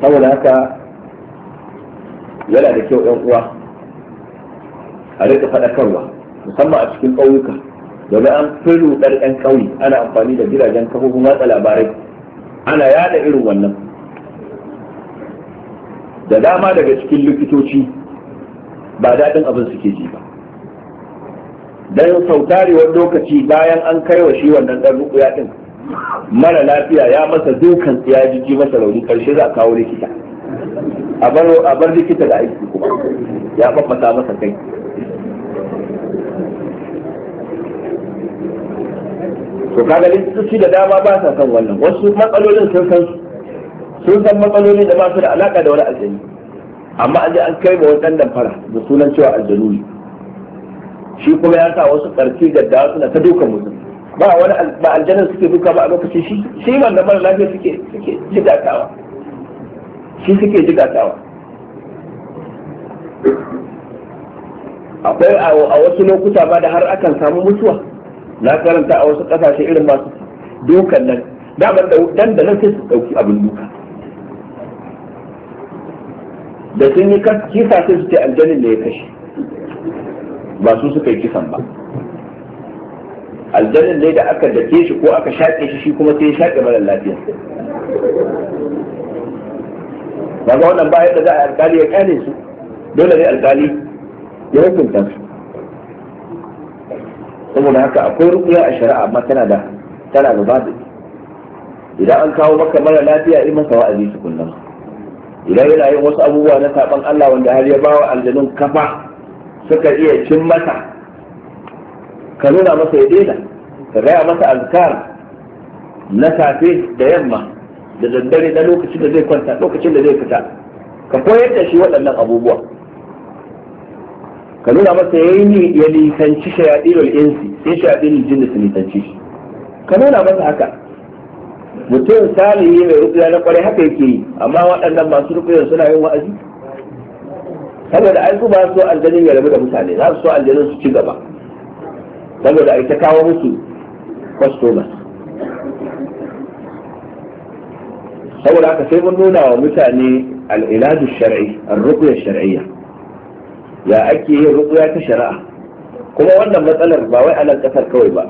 saboda haka yana da kyau yan uwa a rika faɗakarwa musamman a cikin ƙauyuka daga an fi rudar 'yan ƙauye ana amfani da gidajen kafofin watsa labarai ana yada irin wannan da dama daga cikin likitoci ba daɗin abin suke ji ba don sautarewar lokaci bayan an kai wa shi wannan ɗan rukuya ɗin mara lafiya ya masa dukan ya jiji masa rauni karshe za a kawo likita a bar likita da aiki kuma ya babbata masa kai to kaga likitoci da dama ba sa kan wannan wasu matsalolin sun san sun san matsalolin da ba su da alaka da wani aljani amma an je an kai ma wani fara da sunan cewa aljanu ne shi kuma ya sa wasu karfi da dawa suna ta dukan mutum ba wani ba aljanin suke duka ba a lokaci shi shi wanda mara lafiya suke suke jigatawa shi suke jigatawa akwai a wasu lokuta ba da har akan samu mutuwa na karanta a wasu kasashe irin masu dokan nan damar da dan da nan sai su dauki abin duka da sun yi kisa sai su ce aljanin da ya kashe ba su suka yi kisan ba aljanin ne da aka dake shi ko aka shaƙe shi shi kuma sai ya shaƙe mara lafiya ba ga wannan bayan da za a alkali ya kyale su dole ne alkali ya hukunta su saboda haka akwai rukuya a shari'a amma tana da tana da babu idan an kawo maka mara lafiya in masa wa'azi kullum. idan yana yin wasu abubuwa na saban Allah wanda har ya bawa aljanun kafa suka iya cin masa ka nuna masa ya daina ka gaya masa azkar na safe da yamma da daddare na lokacin da zai kwanta lokacin da zai fita ka koyar da shi waɗannan abubuwa ka nuna masa ya yi ya shayaɗi shayaɗinul insi sai shayaɗinul jinni su nisanci shi ka nuna masa haka mutum salihi mai rukuya na kwarai haka yake yi amma waɗannan masu rukuya suna yin wa'azi saboda ai su ba so aljanin ya rabu da mutane za su so aljanin su ci gaba saboda ai ta kawo musu customers saboda haka sai mun nuna wa mutane al'iladu shar'i al ruqya shar'iyya ya ake yin rukuya ta shari'a kuma wannan matsalar ba wai nan kasar kawai ba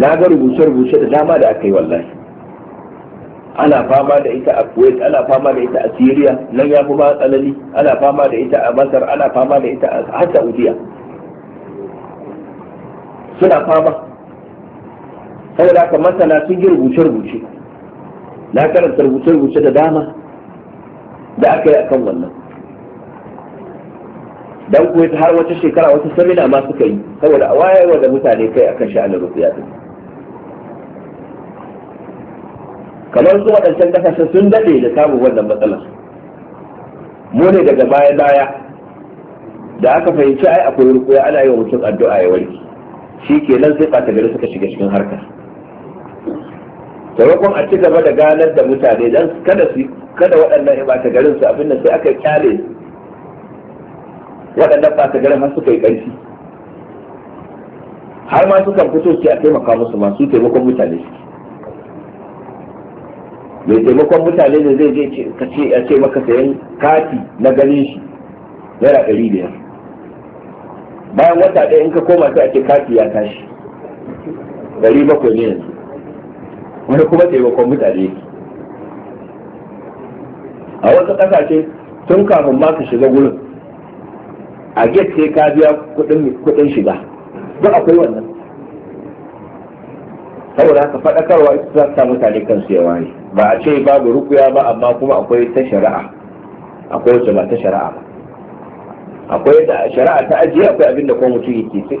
na ga rubuce-rubuce da dama da aka yi wallahi ana fama da ita a kuwait ana fama da ita a syria nan ya fi ba tsanani ana fama da ita a masar ana fama da ita a saudiya suna fama saboda haka masana sun yi rubuce-rubuce na karanta rubuce-rubuce da dama da aka yi akan wannan dan kuwa har wata shekara wata samina ma suka yi saboda a wa da mutane kai akan sha'anin rufiya din kamar su waɗancan kasashen sun daɗe da samun wannan matsalar mu ne daga baya baya da aka fahimci ai akwai rukuya ana yi wa mutum addu'a ya warke shi nan sai ɓata gari suka shiga cikin harkar taimakon a ci gaba da ganar da mutane dan kada su kada waɗannan ɓata garin su abin da sai aka kyale waɗannan ba ta garin har suka yi ƙarfi har ma sukan fito su a taimaka musu masu taimakon mutane mai taimakon mutane da zai je ka ce a ce maka sayan kati na ganin shi naira ɗari biyar bayan wata ɗaya in ka koma sai a ce kati ya tashi ɗari bakwai ne yanzu wani kuma taimakon mutane a wasu ƙasashe tun kafin ma ka shiga gurin a get sai ka biya kuɗin shiga duk akwai wannan saboda haka faɗakarwa ita za ta mutane kansu yawa ne ba a ce babu rukuya ba amma kuma akwai ta shari'a akwai wacce ba ta shari'a ba akwai da shari'a ta ajiye akwai abin da kuma mutum ce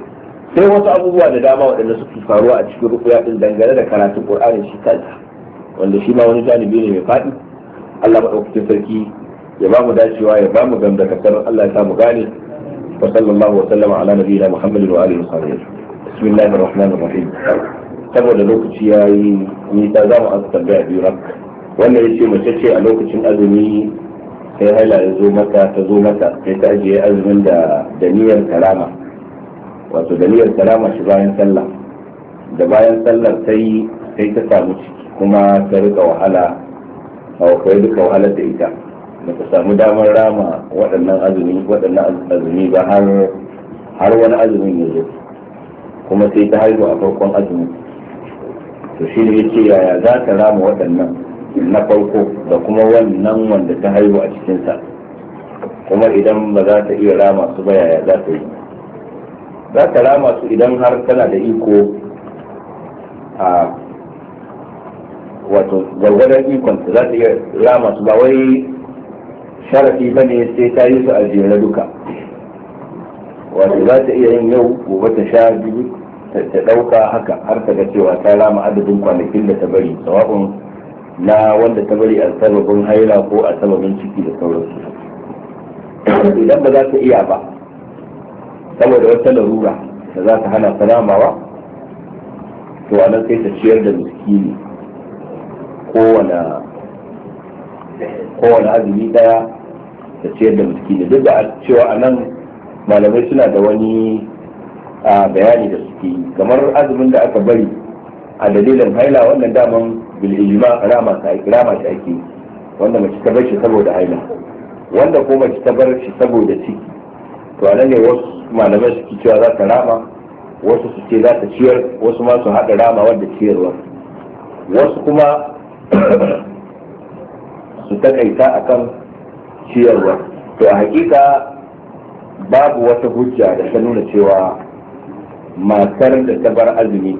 sai wasu abubuwa da dama waɗanda suke faruwa a cikin rukuya din dangane da karatun qur'ani shi kanta wanda shi ma wani janibi ne mai faɗi Allah maɗaukakin sarki ya ba mu dacewa ya ba mu gamda gamdakatar Allah ya sa mu gane وصلى الله وسلم على نبينا محمد وآله وصحبه بسم الله الرحمن الرحيم saboda lokaci ya yi nisa za mu asa tambaya biyu rak wanda ya ce mace ce a lokacin azumi sai haila ya zo mata ta zo mata sai ta ajiye azumin da da niyyar karama wato da niyyar karama shi bayan sallah da bayan sallar sai sai ta samu ciki kuma ta rika wahala a duka wahalar da ita baka samu damar rama waɗannan azumi waɗannan azumi ba har har wani azumin ya zo kuma sai ta haihu a farkon azumi to shi ne ce yaya za ta rama waɗannan na farko da kuma wannan wanda ta haihu a cikinsa kuma idan ba za ta iya rama su ba yaya za ta yi za ta rama su idan har tana da iko a wato gwargwadon ikonta za ta iya rama su ba wai sharafi ba ne sai ta yi su a jere duka wato za ta iya yin yau gobe ta sha biyu ta ɗauka haka har ta ga cewa ta rama adadin kwanakin da ta bari sawa'un na wanda ta bari a sababin haila ko a sababin ciki da sauransu idan ba za ta iya ba saboda wata larura da za ta hana ramawa to a nan sai ta ciyar da miskini kowane azumi daya da ciyar da miskini duk da cewa a nan malamai suna da wani bayani da suke yi kamar azumin da aka bari a dalilin haila wannan daman bil'ijima rama ta ake wanda mace ta bar shi saboda haila wanda ko mace ta bar shi saboda ciki to anan ne wasu malamai suke cewa za ta rama wasu su ce za ta ciyar wasu ma su haɗa rama wadda ciyarwa wasu kuma su takaita akan ciyarwa to a hakika babu wata hujja da ta nuna cewa matar da ta bar azumi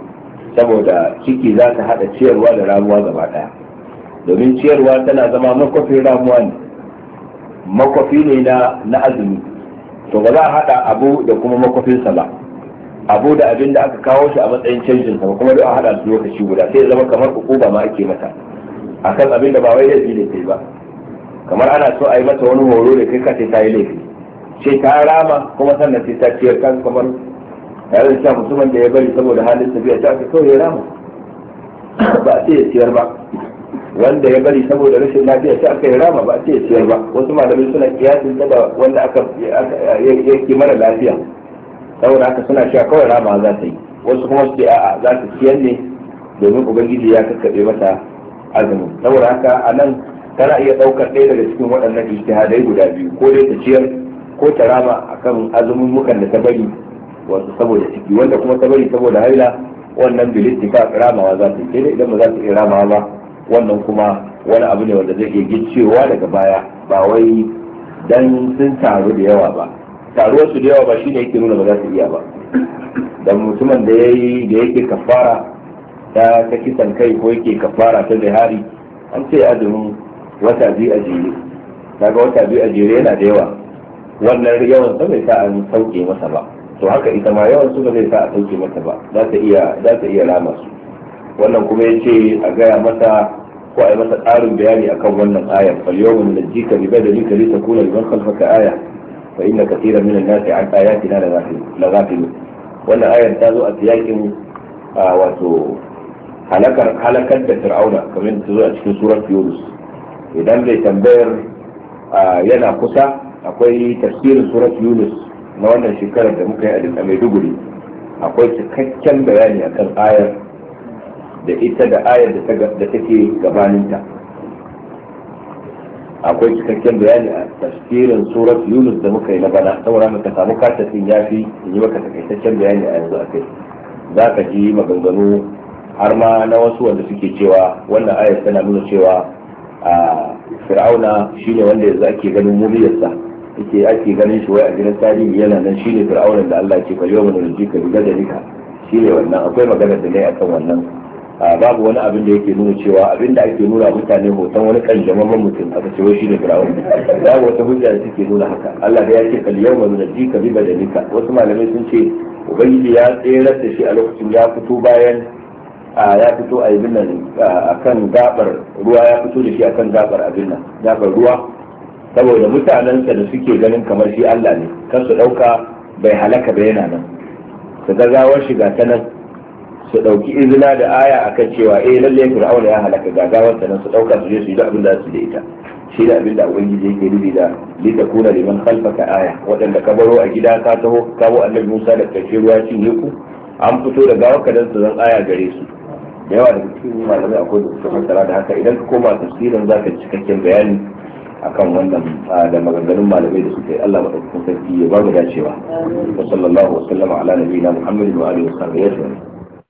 saboda ciki za ta haɗa ciyarwa da ramuwa gaba daya domin ciyarwa tana zama makwafin ramuwa ne makwafi ne na azumi to ba za a haɗa abu da kuma makwafin ba abu da abin da aka kawo shi a matsayin canjin sa kuma da a hada su lokaci guda sai ya zama kamar ba ma ake mata akan abin da ba wai ya ne ba kamar ana so a yi mata wani horo da kai kace ta yi laifi ce ta rama kuma sannan sai ta ciyar kan kamar tare da cewa mutumin da ya bari saboda halin tafiya ta aka kawai ya rama ba a ce ya ciyar ba wanda ya bari saboda rashin lafiya ta aka yi rama ba a ce ya ciyar ba wasu malamai suna kiyasin da wanda aka yake mara lafiya saboda haka suna sha kawai rama za ta yi wasu kuma su ce a'a za ta ciyar ne domin ubangiji ya kakkaɓe mata azumin saboda haka a nan tana iya ɗaukar ɗaya daga cikin waɗannan ijtihadai guda biyu ko dai ta ciyar ko ta rama akan azumin mukan da ta bari wasu saboda ciki wanda kuma ta bari saboda haila wannan bilistika ramawa za ta yi idan ba za ta iya ramawa ba wannan kuma wani abu ne wanda zai iya gicewa daga baya ba wai dan sun taru da yawa ba taruwar su da yawa ba shine yake nuna ba za su iya ba da mutumin da yi da yake kafara ta ta kisan kai ko yake kafara ta bihari an ce azumin wata biyu a jere daga wata biyu a jere yana da yawa wannan yawan sa bai sa an sauke masa ba to haka ita ma yawan su ba zai sa a sauke masa ba za ta iya za ta iya rama su wannan kuma yace a gaya masa ko a yi masa tsarin bayani akan wannan ayar fal yawma najjika bi ka li takuna liman khalfaka aya fa inna katiran minan nasi an ayatina la ghafilun wannan ayar ta zo a tiyakin wato halakar halakar da fir'auna kamar ta zo a cikin surar yunus idan mai tambayar yana kusa akwai tafsirin surat yunus na wannan shekarar da muka yi a maiduguri akwai cikakken bayani akan ayar da ita da ayar da take gabaninta akwai cikakken bayani a tafsirin surat yunus da muka yi na bana saboda ka samu katasin ya fi in yi maka takaitaccen bayani a yanzu akai za ka ji maganganu har ma na wasu wanda suke cewa wannan ayar tana nuna cewa a fir'auna shine wanda yanzu ake ganin muliyarsa yake ake ganin shi wai a gidan tarihi yana nan shine fir'auna da Allah ke fa yawma nurjika bi gadalika shine wannan akwai magana da ne akan wannan babu wani abin da yake nuna cewa abin da ake nuna mutane hoton wani kanjamamman mutum aka ce wai ne fir'auna babu wata hujja da take nuna haka Allah da ya ce kal yawma nurjika bi gadalika wasu malamai sun ce ubangiji ya tsere da shi a lokacin ya fito bayan ya fito a yi nan akan gabar ruwa ya fito da shi akan gabar abin nan gabar ruwa saboda mutanensa da suke ganin kamar shi Allah ne kan su dauka bai halaka ba yana nan su ga gawar shiga ta nan su dauki izina da aya akan cewa eh lalle fir'auna ya halaka ga gawar ta nan su dauka su je su yi abin da su da ita shi da abin da ubangiji yake nufi da litakuna kuna liman khalfaka aya wadanda ka baro a gida ka taho kawo annabi Musa da kace ruwa cinye ku an fito da gawar ka su zan aya gare su da yawa daga cikin malamai akwai da suka fassara da haka idan ka koma tafsirin za ka cikakken bayani akan wannan da maganganun malamai da suka yi Allah madaukakin sarki ya ba mu dacewa wa wa sallama ala nabiyina muhammadin wa alihi wa